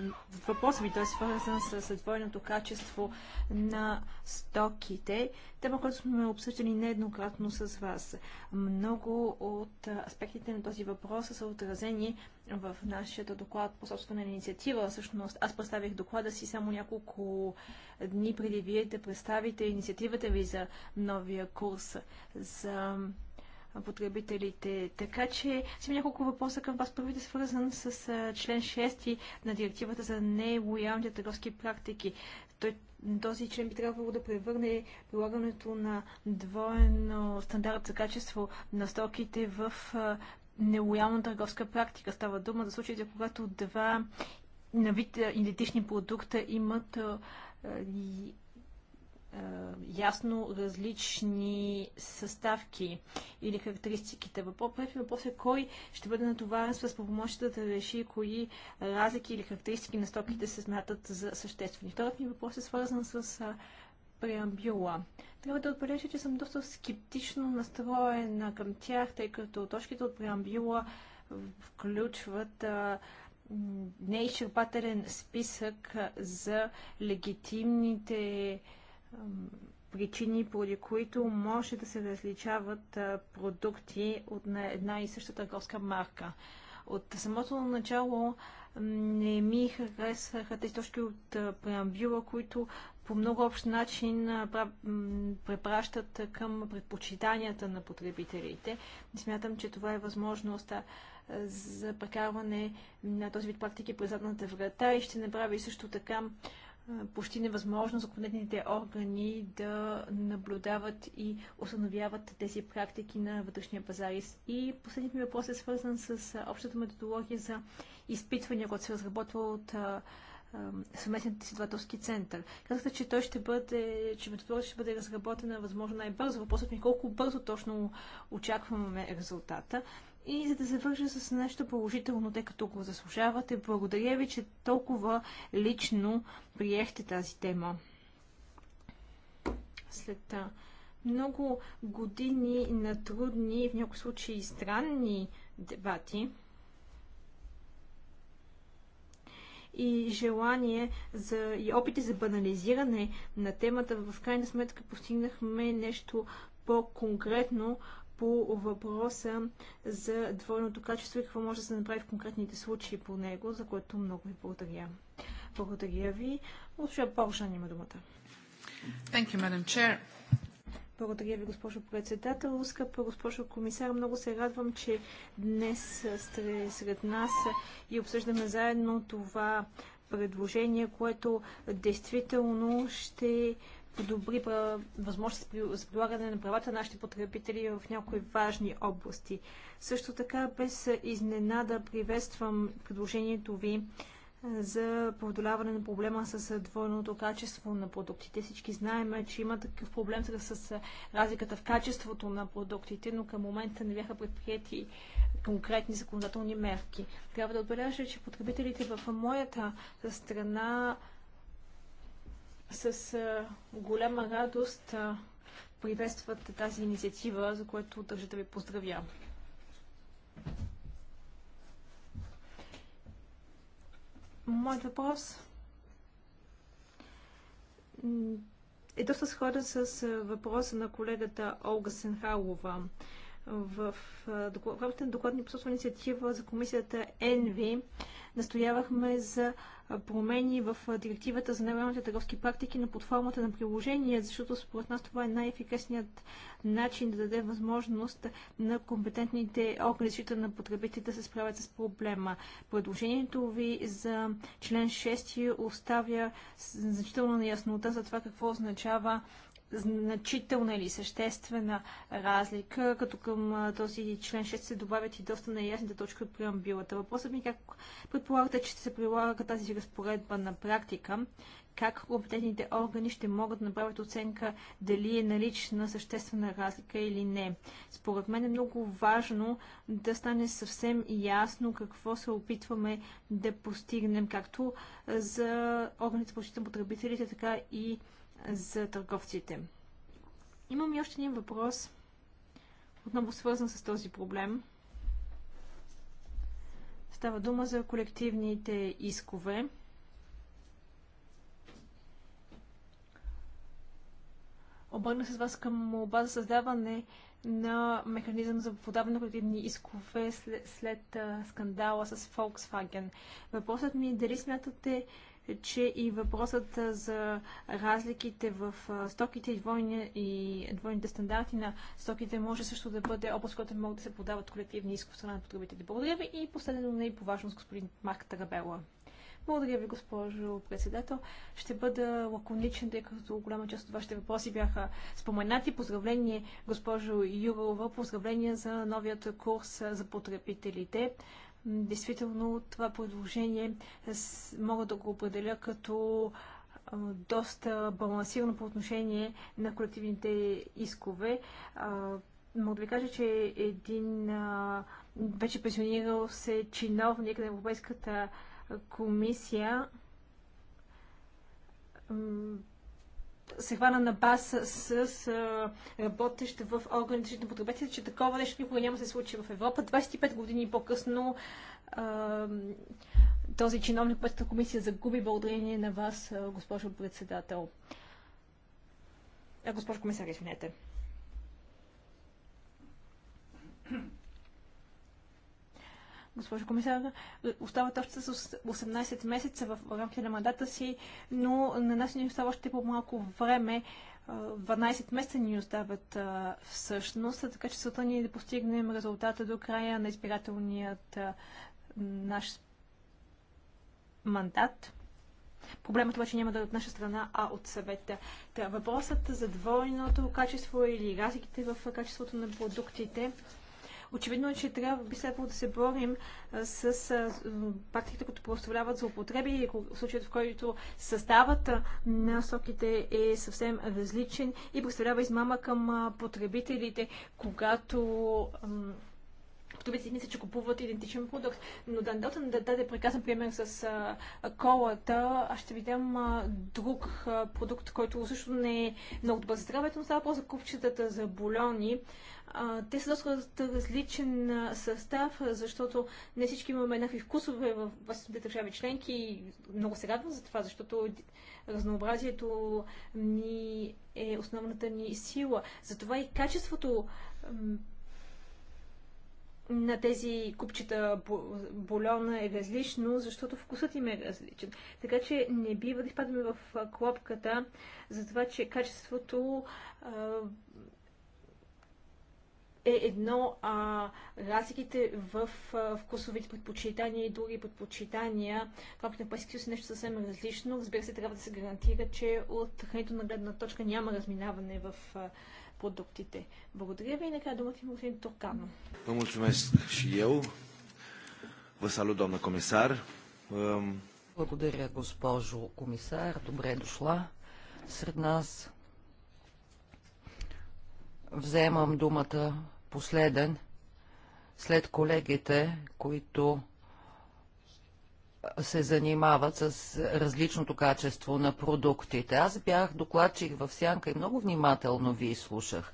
въпроса ви, той е свързан с двойното качество на стоките. Тема, която сме обсъждали нееднократно с вас. Много от аспектите на този въпрос са отразени в нашия доклад по собствена инициатива. Всъщност аз представих доклада си само няколко дни преди вие да представите инициативата ви за новия курс за потребителите. Така че съм няколко въпроса към вас. Първите свързан с член 6 на директивата за нелоялните търговски практики. Той, този член би трябвало да превърне прилагането на двойно стандарт за качество на стоките в нелоялна търговска практика. Става дума за случаите, когато два на вид идентични продукта имат и ясно различни съставки или характеристиките. Въпросът въпрос е кой ще бъде натоварен с помощта да реши кои разлики или характеристики на стоките се смятат за съществени. Вторият ми въпрос е свързан с преамбюла. Трябва да отбележа, че съм доста скептично настроена към тях, тъй като точките от преамбюла включват неизчерпателен списък за легитимните причини, поради които може да се различават продукти от една и съща търговска марка. От самото начало не ми харесаха тези точки от преамбюла, които по много общ начин препращат към предпочитанията на потребителите. Смятам, че това е възможност за прекарване на този вид практики през задната врата и ще направи също така почти невъзможно за компетентните органи да наблюдават и установяват тези практики на вътрешния пазар. И последният ми въпрос е свързан с общата методология за изпитвания, които се разработва от съвместният изследователски център. Казахте, че той ще бъде, че методологията ще бъде разработена възможно най-бързо. Въпросът ми е колко бързо точно очакваме резултата. И за да завърша с нещо положително, тъй като го заслужавате, благодаря ви, че толкова лично приехте тази тема. След много години на трудни, в някои случаи странни дебати, и желание за, и опити за банализиране на темата, в крайна сметка постигнахме нещо по-конкретно по въпроса за двойното качество и какво може да се направи в конкретните случаи по него, за което много ви благодаря. Благодаря ви. Госпожа Боржан има думата. Thank you, Madam Chair. Благодаря ви, госпожо председател. Скъпа госпожо комисар, много се радвам, че днес сте сред нас и обсъждаме заедно това предложение, което действително ще подобри възможности за прилагане на правата на нашите потребители в някои важни области. Също така, без изненада, приветствам предложението ви за преодоляване на проблема с двойното качество на продуктите. Всички знаем, че има такъв проблем с разликата в качеството на продуктите, но към момента не бяха предприяти конкретни законодателни мерки. Трябва да отбележа, че потребителите в моята страна с голяма радост приветстват тази инициатива, за което държа да ви поздравя. Моят въпрос е доста сходен с въпроса на колегата Олга Сенхалова. В рамките на доклад ни посочва инициатива за комисията ЕНВИ настоявахме за промени в директивата за неравните търговски практики на платформата на приложения, защото според нас това е най-ефикасният начин да даде възможност на компетентните органи защита на потребителите да се справят с проблема. Предложението ви за член 6 оставя значително неяснота за това какво означава значителна или съществена разлика, като към този член 6 се добавят и доста неясните точки от преамбилата. Въпросът ми е как предполагате, че ще се прилага тази разпоредба на практика, как компетентните органи ще могат да направят оценка дали е налична съществена разлика или не. Според мен е много важно да стане съвсем ясно какво се опитваме да постигнем, както за органите за защита на потребителите, така и за търговците. Имам и още един въпрос, отново свързан с този проблем. Става дума за колективните искове. Обърна се с вас към молба за създаване на механизъм за подаване на колективни искове след, след а, скандала с Volkswagen. Въпросът ми е дали смятате, че и въпросът за разликите в стоките и, двойни, и двойните стандарти на стоките може също да бъде област, която могат да се подават колективни изкуства страна на потребителите. Благодаря ви и последно не и по важност господин Марк Тарабела. Благодаря ви, госпожо председател. Ще бъда лаконичен, тъй като голяма част от вашите въпроси бяха споменати. Поздравление, госпожо Юрова, поздравление за новият курс за потребителите. Действително това предложение мога да го определя като доста балансирано по отношение на колективните искове. Мога да ви кажа, че един вече пенсионирал се чиновник на Европейската комисия се хвана на бас с, с работещ в органите на потребителите, че такова нещо никога няма да се случи в Европа. 25 години по-късно този чиновник пътната комисия загуби благодарение на вас, госпожо председател. А, госпожо комисар, извинете госпожо комисар. Остават още с 18 месеца в рамките на мандата си, но на нас ни остава още по-малко време. 12 месеца ни остават всъщност, така че целта ни е да постигнем резултата до края на избирателният наш мандат. Проблемът обаче няма да е от наша страна, а от съвета. Та, въпросът за двойното качество или разликите в качеството на продуктите Очевидно е, че трябва би следвало да се борим с практиките, които представляват злоупотреби и в случаят, в който съставът на стоките е съвсем различен и представлява измама към потребителите, когато потребителите мисля, че купуват идентичен продукт. Но Дан Дотън да даде прекрасен пример с а, колата. Аз ще ви дам а, друг а, продукт, който също не е много добър за здравето, но става просто за купчетата за бульони. А, те са доста различен а, състав, защото не всички имаме еднакви вкусове в възможните държави членки и много се радвам за това, защото разнообразието ни е основната ни сила. Затова и качеството на тези купчета бульона е различно, защото вкусът им е различен. Така че не бива да изпадаме в клопката за това, че качеството е едно, а разликите в вкусовите предпочитания и други предпочитания в рамките на Европейския съюз е нещо съвсем различно. Разбира се, трябва да се гарантира, че от хранителна гледна точка няма разминаване в продуктите. Благодаря ви и нека думата има господин Туркано. Mulțumesc și eu. Vă salut, ehm, Благодаря, госпожо комисар. Добре дошла сред нас. Вземам думата последен след колегите, които се занимават с различното качество на продуктите. Аз бях докладчик в Сянка и много внимателно ви слушах.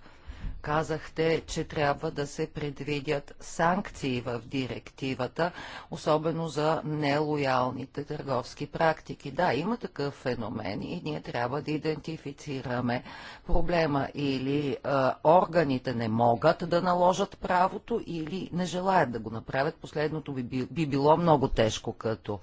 Казахте, че трябва да се предвидят санкции в директивата, особено за нелоялните търговски практики. Да, има такъв феномен и ние трябва да идентифицираме проблема. Или а, органите не могат да наложат правото, или не желаят да го направят. Последното би, би било много тежко като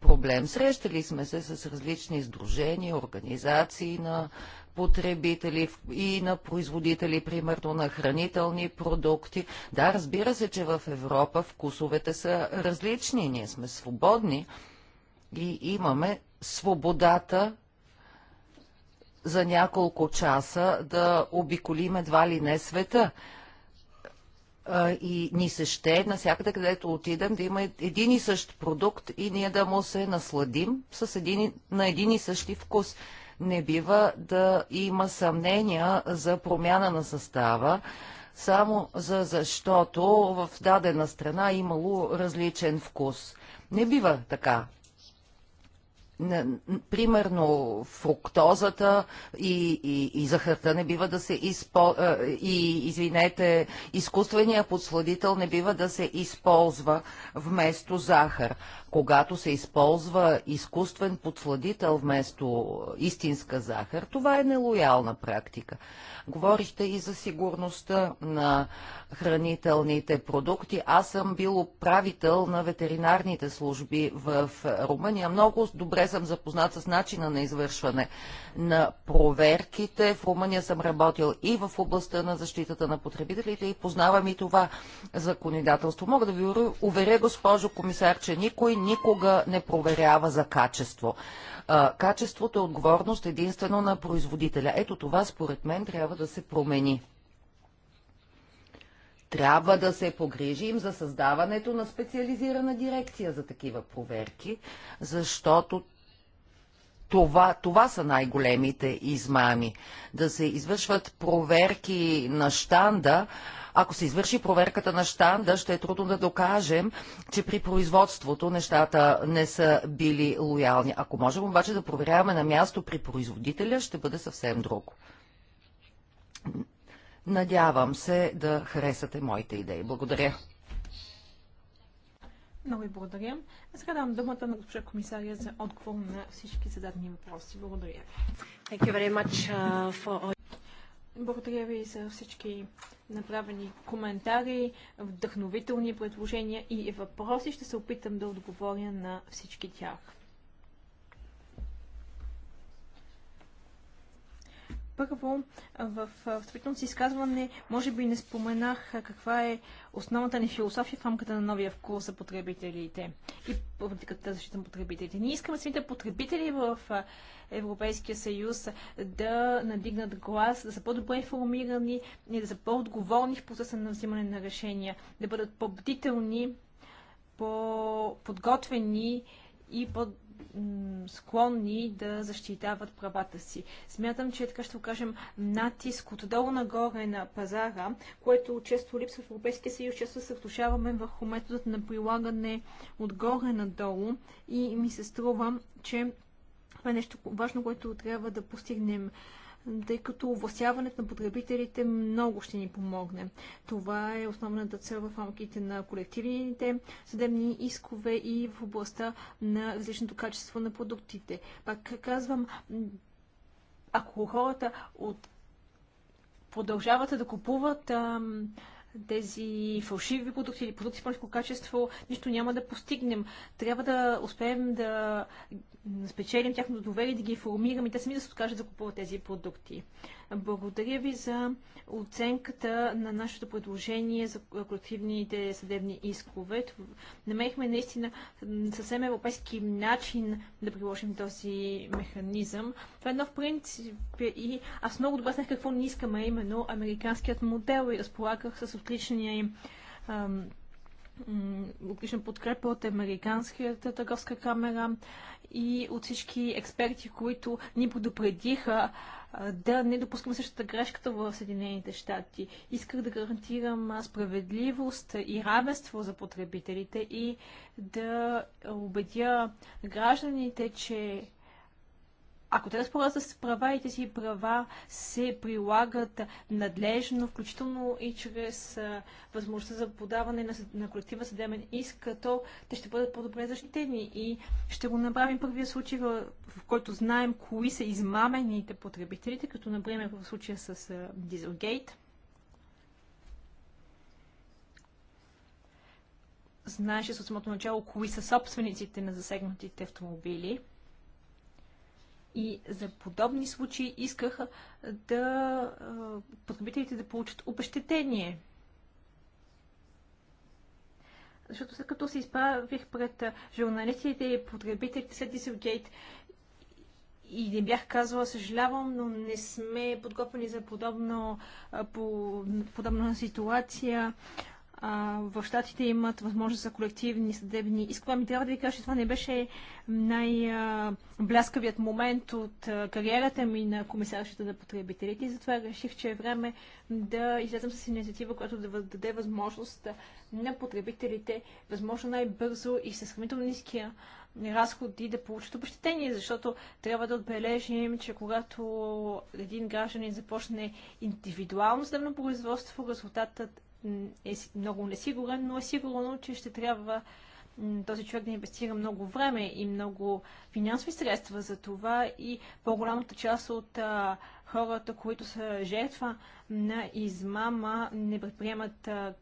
проблем. Срещали сме се с различни издружения, организации на потребители и на производители, примерно на хранителни продукти. Да, разбира се, че в Европа вкусовете са различни. Ние сме свободни и имаме свободата за няколко часа да обиколим едва ли не света. И ни се ще навсякъде, където отидем, да има един и същ продукт и ние да му се насладим с един, на един и същи вкус. Не бива да има съмнения за промяна на състава, само за защото в дадена страна имало различен вкус. Не бива така примерно фруктозата и, и, и захарта не бива да се изпо, и извинете, изкуственият подсладител не бива да се използва вместо захар. Когато се използва изкуствен подсладител вместо истинска захар, това е нелоялна практика. Говорихте и за сигурността на хранителните продукти. Аз съм бил управител на ветеринарните служби в Румъния. Много добре съм запознат с начина на извършване на проверките. В Румъния съм работил и в областта на защитата на потребителите и познавам и това законодателство. Мога да ви уверя, госпожо комисар, че никой никога не проверява за качество. А, качеството е отговорност единствено на производителя. Ето това според мен трябва да се промени трябва да се погрижим за създаването на специализирана дирекция за такива проверки, защото това, това са най-големите измами. Да се извършват проверки на штанда, ако се извърши проверката на щанда, ще е трудно да докажем, че при производството нещата не са били лоялни. Ако можем обаче да проверяваме на място при производителя, ще бъде съвсем друго. Надявам се да харесате моите идеи. Благодаря. Много ви благодаря. А сега давам думата на госпожа комисария за отговор на всички зададени въпроси. Благодаря ви. Uh, благодаря ви за всички направени коментари, вдъхновителни предложения и въпроси. Ще се опитам да отговоря на всички тях. Първо, в встъпителното си изказване може би не споменах каква е основната ни философия в рамката на новия вкус за потребителите и политиката за защита на потребителите. Ние искаме самите потребители в Европейския съюз да надигнат глас, да са по-добре информирани и да са по-отговорни в процеса на взимане на решения, да бъдат по-бдителни, по-подготвени и по склонни да защитават правата си. Смятам, че така ще окажем натиск отдолу нагоре на пазара, което често липсва в Европейския съюз, често се втушаваме върху методът на прилагане отгоре надолу и ми се струва, че това е нещо важно, което трябва да постигнем тъй като овласяването на потребителите много ще ни помогне. Това е основната цел в рамките на колективните съдебни искове и в областта на различното качество на продуктите. Пак казвам, ако хората от продължават да купуват ам, тези фалшиви продукти или продукти с по качество, нищо няма да постигнем. Трябва да успеем да спечелим тяхното доверие, да ги информираме и те сами да се откажат да купуват тези продукти. Благодаря ви за оценката на нашето предложение за колективните съдебни искове. Намерихме наистина съвсем европейски начин да приложим този механизъм. Това е нов принцип и аз много добре знаех какво не искаме, именно американският модел и разполагах с отличния им отлична подкрепа от Американската търговска камера и от всички експерти, които ни предупредиха да не допускам същата грешката в Съединените щати. Исках да гарантирам справедливост и равенство за потребителите и да убедя гражданите, че ако те разполагат с права и тези права се прилагат надлежно, включително и чрез възможността за подаване на, на колективен съдебен иск, то те ще бъдат по-добре защитени и ще го направим първия случай, в, в който знаем кои са измамените потребителите, като например в случая с Дизелгейт. Знаеше с самото начало кои са собствениците на засегнатите автомобили – и за подобни случаи искаха да потребителите да получат обещетение. Защото след като се изправих пред журналистите и потребителите след Дизелгейт и не бях казала, съжалявам, но не сме подготвени за подобно, по, подобна ситуация в щатите имат възможност за колективни съдебни искове. Ами трябва да ви кажа, че това не беше най-бляскавият момент от кариерата ми на комисарщата на потребителите и затова реших, че е време да излезам с инициатива, която да даде възможност на потребителите възможно най-бързо и със сравнително ниския разходи да получат обещетение, защото трябва да отбележим, че когато един гражданин започне индивидуално съдебно производство, резултатът е много несигурен, но е сигурно, че ще трябва този човек да инвестира много време и много финансови средства за това и по-голямата част от а, хората, които са жертва на измама, не предприемат а,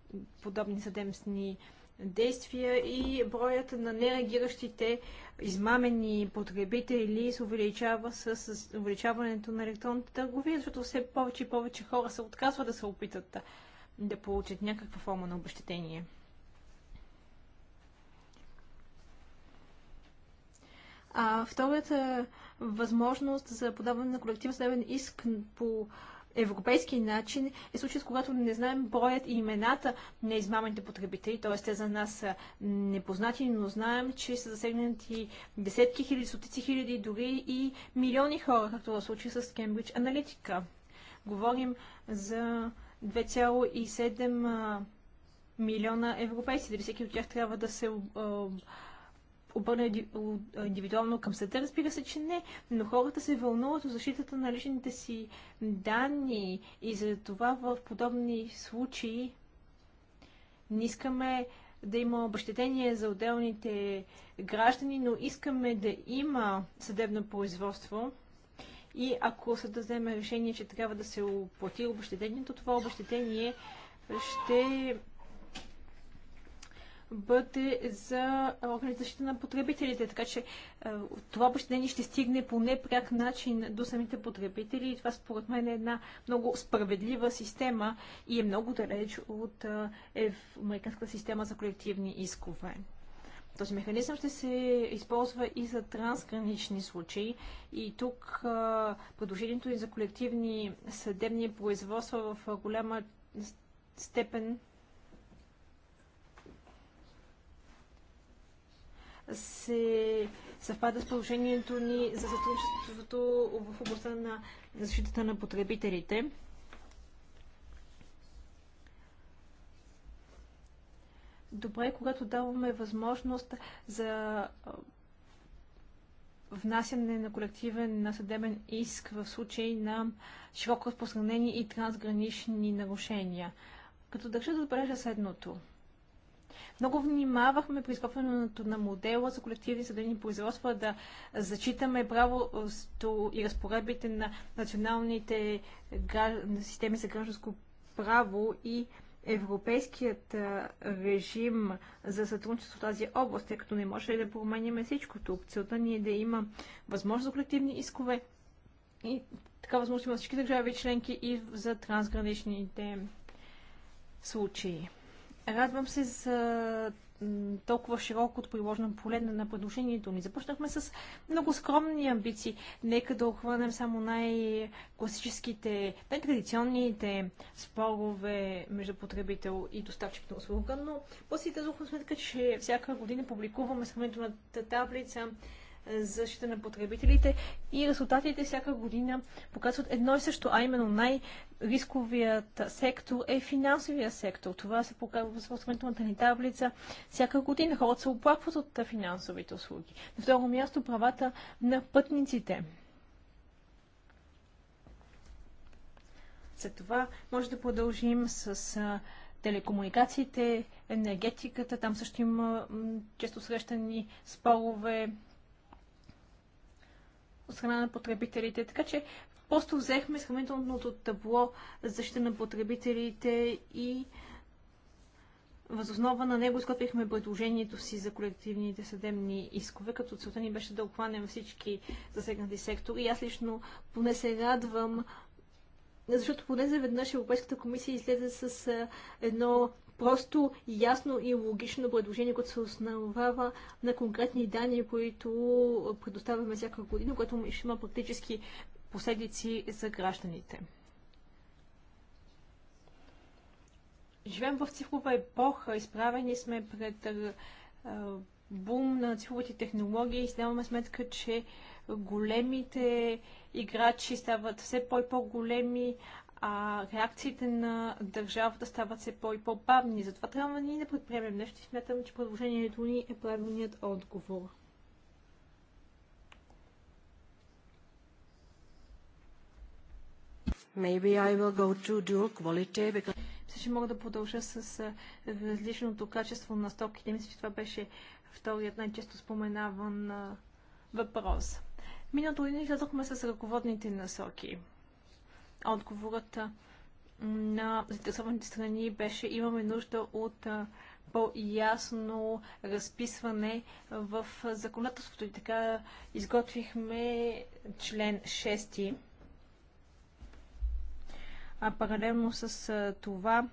подобни съдебни действия и броят на нереагиращите измамени потребители се увеличава с, с увеличаването на електронната търговия, защото все повече и повече хора се отказват да се опитат да получат някаква форма на обещетение. А втората възможност за подаване на колективен съдебен иск по европейски начин е случай, когато не знаем броят и имената на измамените потребители, т.е. те за нас са непознати, но знаем, че са засегнати десетки хиляди, стотици хиляди, дори и милиони хора, както в случай с Кембридж Аналитика. Говорим за 2,7 милиона европейци. Дали всеки от тях трябва да се обърне индивидуално към съда? Разбира се, че не, но хората се вълнуват от защитата на личните си данни и за това в подобни случаи не искаме да има обещетение за отделните граждани, но искаме да има съдебно производство и ако съда вземе решение, че трябва да се оплати обещетението, това обещетение ще бъде за органите защита на потребителите. Така че е, това обещетение ще стигне по непряк начин до самите потребители и това според мен е една много справедлива система и е много далеч от е, е, американската система за колективни искове. Този механизъм ще се използва и за трансгранични случаи. И тук предложението и за колективни съдебни производства в голяма степен се съвпада с положението ни за сътрудничеството в областта на защитата на потребителите. добре, когато даваме възможност за внасяне на колективен на съдебен иск в случай на широко разпространени и трансгранични нарушения. Като държа да отбележа следното. Много внимавахме при изготвянето на модела за колективни съдебни производства да зачитаме правото и разпоредбите на националните системи за гражданско право и европейският режим за сътрудничество в тази област, тъй като не може да променим всичко тук. Целта ни е да има възможност за колективни искове и така възможност има всички държави членки и за трансграничните случаи. Радвам се за толкова от приложено поле на предложението ни. Започнахме с много скромни амбиции. Нека да охванем само най-класическите, най-традиционните спорове между потребител и доставчик на услуга, но после тези сметка, че всяка година публикуваме на таблица защита на потребителите и резултатите всяка година показват едно и също, а именно най-рисковият сектор е финансовия сектор. Това се показва в сравнителната ни таблица. Всяка година хората се оплакват от финансовите услуги. На второ място правата на пътниците. След това може да продължим с телекомуникациите, енергетиката. Там също има често срещани спорове от страна на потребителите. Така че просто взехме сравнителното табло защита на потребителите и възоснова на него изготвихме предложението си за колективните съдебни искове, като целта ни беше да обхванем всички засегнати сектори. И аз лично поне се радвам, защото поне за веднъж Европейската комисия излезе с едно просто ясно и логично предложение, което се основава на конкретни данни, които предоставяме всяка година, което ще има практически последици за гражданите. Живеем в цифрова епоха, изправени сме пред бум на цифровите технологии и си сметка, че големите играчи стават все по- по-големи, а реакциите на държавата стават все по- и по-бавни. Затова трябва ние да предприемем нещо и смятам, че предложението ни е правилният отговор. Maybe I will go to dual quality because... Мисля, че мога да продължа с различното качество на стоките. Мисля, че това беше вторият най-често споменаван въпрос. Миналото година излязохме с ръководните насоки. Отговорът на заинтересованите страни беше имаме нужда от по-ясно разписване в законодателството. И така изготвихме член 6. А паралелно с това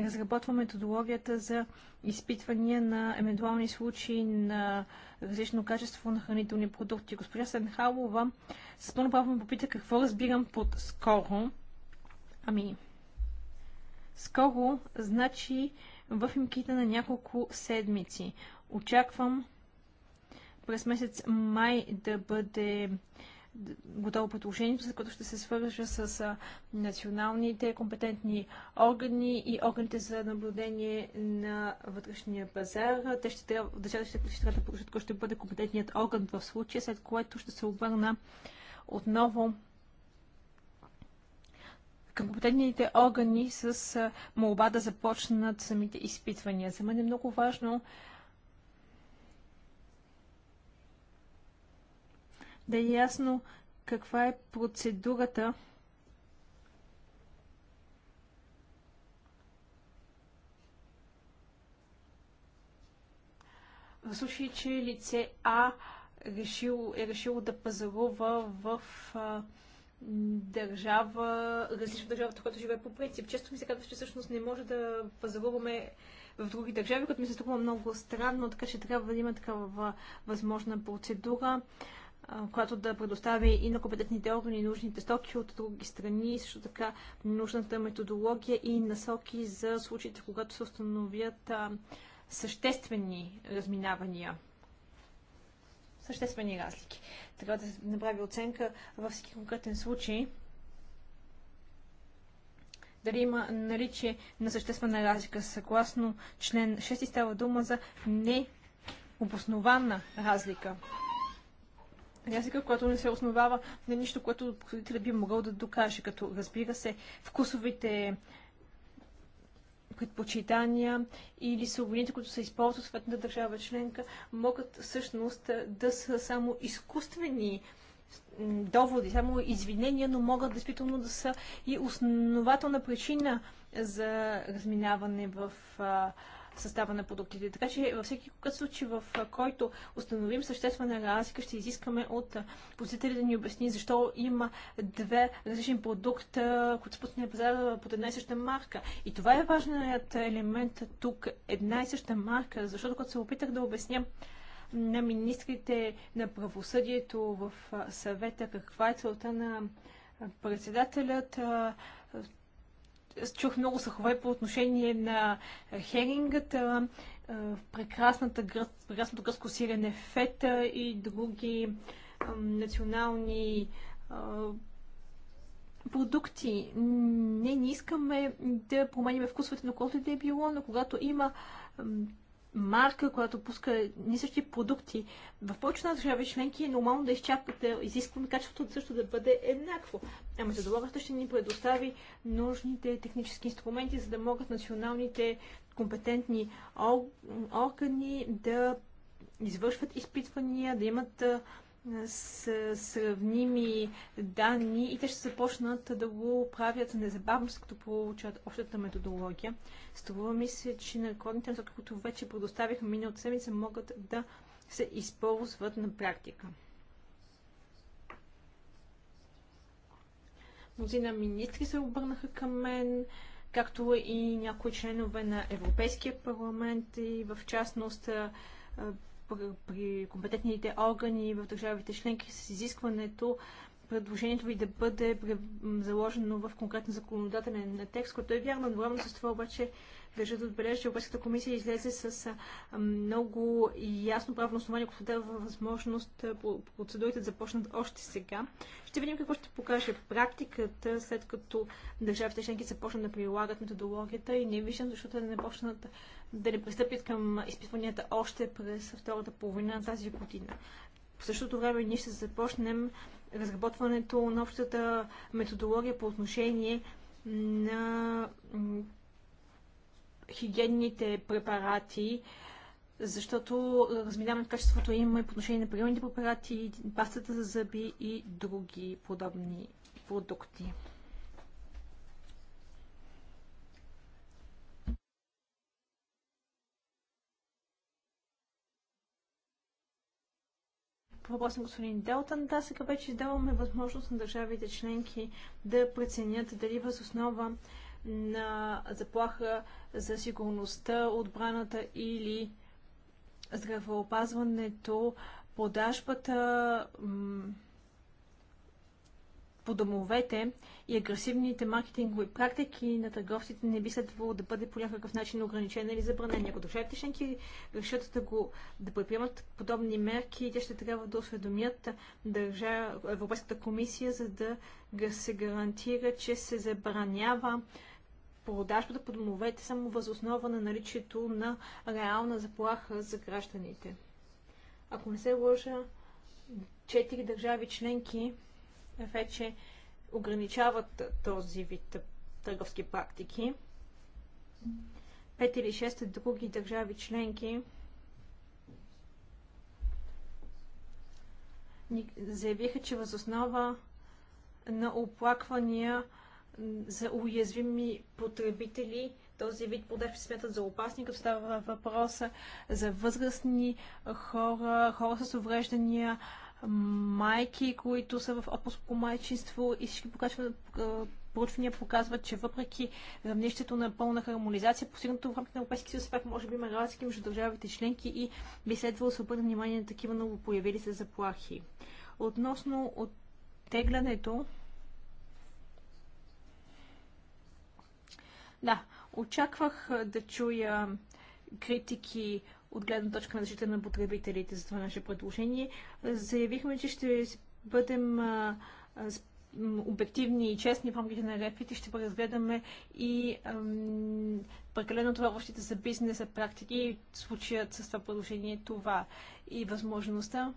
разработва методологията за изпитвания на евентуални случаи на различно качество на хранителни продукти. Госпожа Сенхалова с пълно право ме попита какво разбирам под скоро. Ами, скоро значи в имките на няколко седмици. Очаквам през месец май да бъде готово предложението, за което ще се свържа с националните компетентни органи и органите за наблюдение на вътрешния пазар. Те ще трябва, държавите ще, ще трябва да получат кой ще бъде компетентният орган в случая, след което ще се обърна отново към компетентните органи с молба да започнат самите изпитвания. За мен е много важно да е ясно каква е процедурата в случай, че лице А решил, е решило да пазарува в а, държава, различна държава, която живее по принцип. Често ми се казва, че всъщност не може да пазаруваме в други държави, което ми се струва много странно, така че трябва да има такава възможна процедура която да предостави и на компетентните органи нужните стоки от други страни, също така нужната методология и насоки за случаите, когато се установят съществени разминавания, съществени разлики. Трябва да се направи оценка във всеки конкретен случай дали има наличие на съществена разлика. Съгласно член 6 става дума за необоснована разлика. Язика, която не се основава на нищо, което производителя би могъл да докаже, като разбира се вкусовите предпочитания или суровините, които се използват в съответната държава членка, могат всъщност да са само изкуствени доводи, само извинения, но могат действително да са и основателна причина за разминаване в а, състава на продуктите. Така че във всеки случай, в който установим съществена разлика, ще изискаме от посетителите да ни обясни защо има две различни продукта, които са на пазара под една и съща марка. И това е важният елемент тук. Една и съща марка, защото когато се опитах да обясня на министрите на правосъдието в съвета каква е целта на председателят, чух много съхове по отношение на херингата, прекрасната гръц, прекрасното гръцко сирене фета и други национални продукти. Не, не искаме да променяме вкусовете на колкото и да е било, но когато има марка, която пуска ни същи продукти, в повечето на държави членки е нормално да изчакате, изискваме качеството също да бъде еднакво. А методологията ще ни предостави нужните технически инструменти, за да могат националните компетентни органи да извършват изпитвания, да имат с сравними данни и те ще започнат да го правят незабавно, след като получат общата методология. Струва ми се, че ръководните насоки, които вече предоставихме миналата седмица, могат да се използват на практика. Мнозина министри се обърнаха към мен, както и някои членове на Европейския парламент и в частност при компетентните органи в държавите членки с изискването предложението ви да бъде заложено в конкретен законодателен текст, който е вярно. Главно с това обаче държа да отбележа, че Европейската комисия излезе с много ясно правно основание, което дава възможност процедурите да започнат още сега. Ще видим какво ще покаже практиката, след като държавите членки започнат да прилагат методологията и не виждам защото не започнат да не пристъпят към изпитванията още през втората половина на тази година. В същото време ние ще започнем разработването на общата методология по отношение на хигиенните препарати, защото разминаваме качеството имаме по отношение на приемните препарати, пастата за зъби и други подобни продукти. въпрос на господин Делтан, да, сега вече даваме възможност на държавите членки да преценят дали въз основа на заплаха за сигурността, отбраната или здравеопазването, продажбата, по домовете и агресивните маркетингови практики на търговците не би следвало да бъде по някакъв начин ограничена или забранена. Ако държавите членки решат да, го, да предприемат подобни мерки, те ще трябва да осведомят държа, Европейската комисия, за да се гарантира, че се забранява продажбата по домовете само възоснова на наличието на реална заплаха за гражданите. Ако не се лъжа, четири държави членки вече ограничават този вид търговски практики. Пет или шест други държави членки заявиха, че възоснова на оплаквания за уязвими потребители този вид продажби смятат за опасни, като става въпроса за възрастни хора, хора с увреждания, майки, които са в отпуск по майчинство и всички проучвания показват, че въпреки равнището на пълна хармонизация, постигнато в рамките на Европейския съюз, пак може би има разлики между държавите членки и би следвало да се обърне внимание на такива новопоявили се заплахи. Относно оттеглянето, да, очаквах да чуя критики от гледна точка на защита на потребителите за това наше предложение. Заявихме, че ще бъдем обективни и честни в рамките на рефите, ще разгледаме и ам, прекалено товарващите за бизнеса практики, случаят с това предложение това и възможността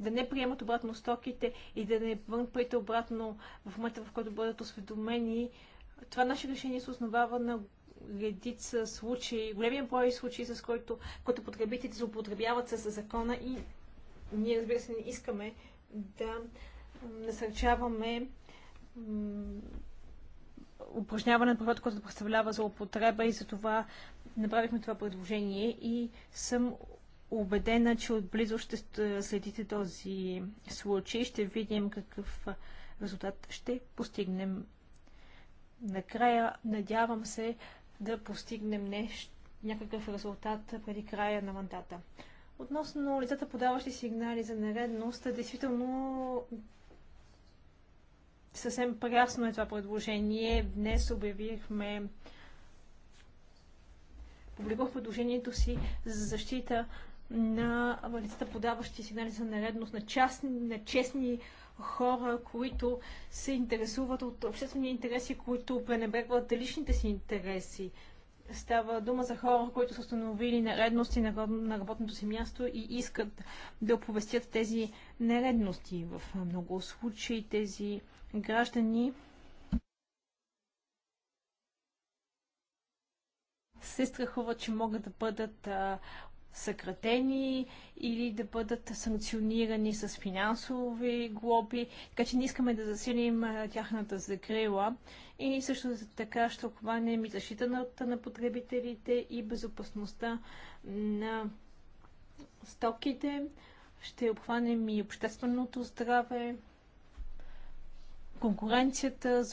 да не приемат обратно стоките и да не вън парите обратно в момента, в който бъдат осведомени. Това наше решение се основава на редица случаи, големия брой случаи, с който, който потребителите се употребяват с закона и ние, разбира се, не искаме да насърчаваме упражняване на правото, което представлява за употреба и за това направихме това предложение и съм убедена, че отблизо ще следите този случай. Ще видим какъв резултат ще постигнем. Накрая, надявам се, да постигнем нещо, някакъв резултат преди края на мандата. Относно лицата, подаващи сигнали за нередност, действително съвсем прясно е това предложение. Днес обявихме публикувах предложението си за защита на лицата, подаващи сигнали за нередност на, частни, на честни хора, които се интересуват от обществени интереси, които пренебрегват личните си интереси. Става дума за хора, които са установили нередности на, на работното си място и искат да оповестят тези нередности. В много случаи тези граждани се страхуват, че могат да бъдат а, съкратени или да бъдат санкционирани с финансови глоби, така че не искаме да засилим тяхната закрила и също така ще обхванем и защитата на потребителите и безопасността на стоките, ще обхванем и общественото здраве, конкуренцията,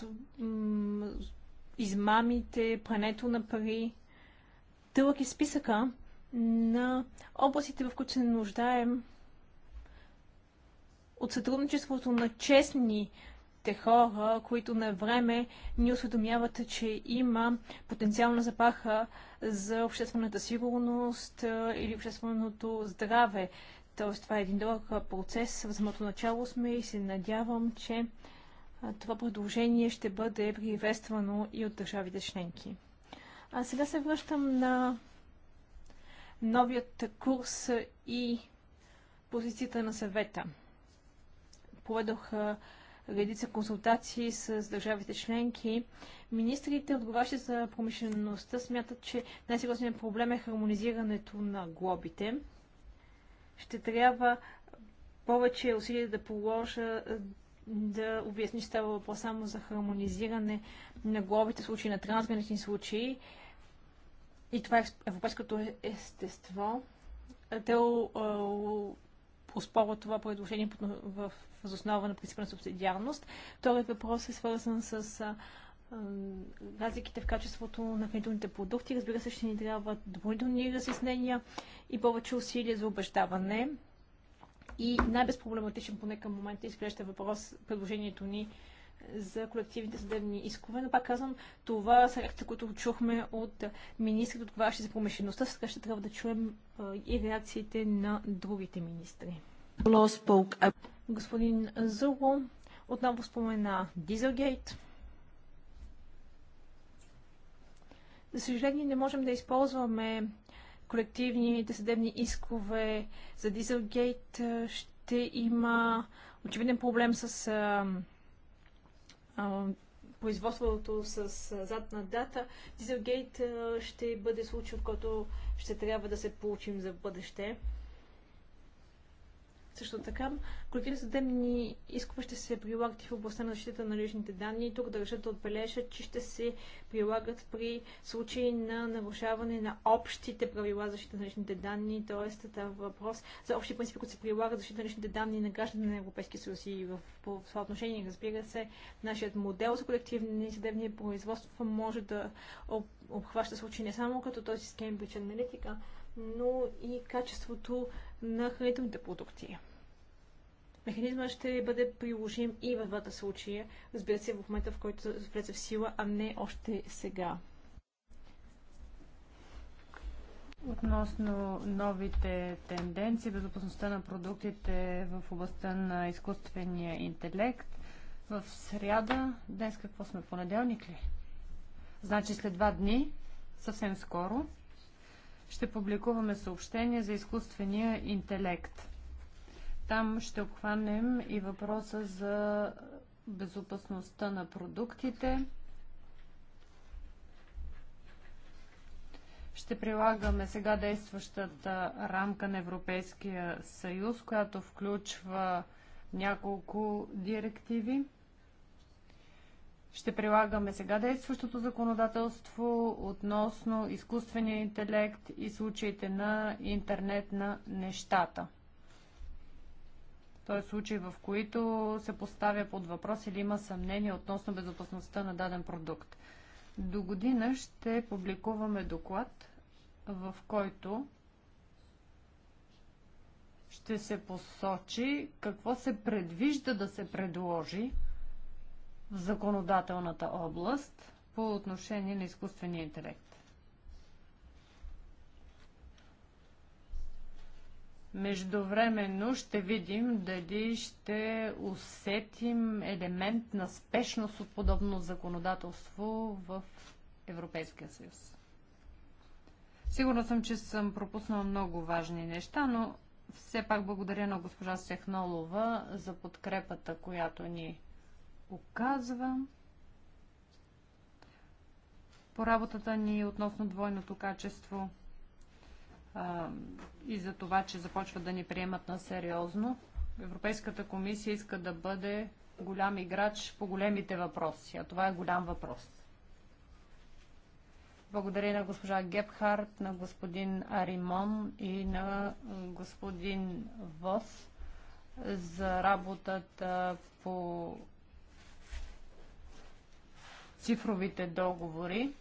измамите, прането на пари. Дълъг е списъка, на областите, в които се нуждаем от сътрудничеството на честни те хора, които на време ни осведомяват, че има потенциална запаха за обществената сигурност или общественото здраве. Тоест, това е един дълъг процес. В самото начало сме и се надявам, че това предложение ще бъде приветствано и от държавите членки. А сега се връщам на новият курс и позицията на съвета. Поведох редица консултации с държавите членки. Министрите, отговарящи за промишлеността, смятат, че най-сериозният проблем е хармонизирането на глобите. Ще трябва повече усилия да положа да обясни, че става въпрос само за хармонизиране на глобите в случаи на трансгранични случаи и това е европейското естество. Те оспорва това предложение в основа на принципа на субсидиарност. Вторият въпрос е свързан с разликите в качеството на хранителните продукти. Разбира се, ще ни трябва допълнителни разяснения и повече усилия за обещаване. И най-безпроблематичен поне към момента изглежда въпрос предложението ни за колективните съдебни искове, но пак казвам, това са реакции, които чухме от министрите, отговарящи за промишлеността, сега ще трябва да чуем и реакциите на другите министри. Господин Зуло отново спомена Дизелгейт. За съжаление не можем да използваме колективните съдебни искове за Дизелгейт. Ще има очевиден проблем с производството с задна дата, Дизелгейт ще бъде случай, от който ще трябва да се получим за бъдеще. Също така, колективни съдебни искове ще се прилагат и в областта на защита на личните данни. Тук държа да отбележа, че ще се прилагат при случаи на нарушаване на общите правила за защита на личните данни, т.е. това е въпрос за общи принципи, които се прилагат за защита на личните данни на граждани на Европейския съюз и в, в това отношение, разбира се, нашият модел за колективни съдебни производства може да обхваща случаи не само като този с Кембридж аналитика, но и качеството на хранителните продукти. Механизмът ще бъде приложим и в двата случая, разбира се, в момента в който влезе в сила, а не още сега. Относно новите тенденции, безопасността на продуктите в областта на изкуствения интелект, в сряда, днес какво сме, понеделник ли? Значи след два дни, съвсем скоро, ще публикуваме съобщение за изкуствения интелект. Там ще обхванем и въпроса за безопасността на продуктите. Ще прилагаме сега действащата рамка на Европейския съюз, която включва няколко директиви. Ще прилагаме сега действащото законодателство относно изкуствения интелект и случаите на интернет на нещата. Той е случай, в които се поставя под въпрос или има съмнение относно безопасността на даден продукт. До година ще публикуваме доклад, в който ще се посочи какво се предвижда да се предложи в законодателната област по отношение на изкуствения интелект. Междувременно ще видим дали ще усетим елемент на спешност от подобно законодателство в Европейския съюз. Сигурно съм, че съм пропуснала много важни неща, но все пак благодаря на госпожа Сехнолова за подкрепата, която ни Показва по работата ни относно двойното качество а, и за това, че започват да ни приемат на сериозно. Европейската комисия иска да бъде голям играч по големите въпроси, а това е голям въпрос. Благодаря на госпожа Гепхарт, на господин Аримон и на господин Вос за работата по цифровите договори.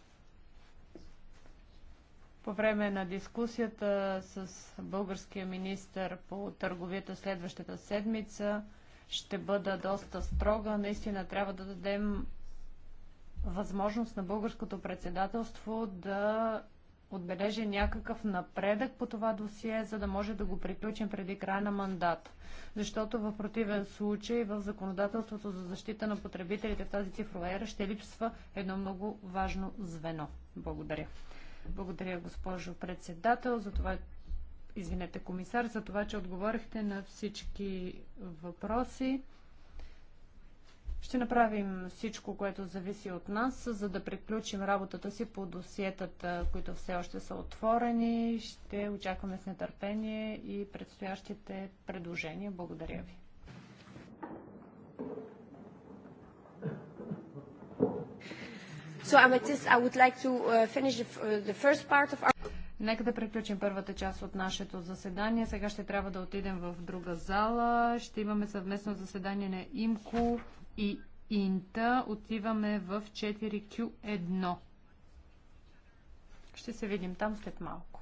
По време на дискусията с българския министр по търговията следващата седмица ще бъда доста строга. Наистина трябва да дадем възможност на българското председателство да отбележи някакъв напредък по това досие, за да може да го приключим преди края на мандат. Защото в противен случай в законодателството за защита на потребителите в тази цифрова ера ще липсва едно много важно звено. Благодаря. Благодаря, госпожо председател, за това, извинете, комисар, за това, че отговорихте на всички въпроси. Ще направим всичко, което зависи от нас, за да приключим работата си по досиетата, които все още са отворени. Ще очакваме с нетърпение и предстоящите предложения. Благодаря ви. So, Amethyst, I would like to uh, finish uh, the first part of our... Нека да приключим първата част от нашето заседание. Сега ще трябва да отидем в друга зала. Ще имаме съвместно заседание на ИМКО и Инта отиваме в 4Q1. Ще се видим там след малко.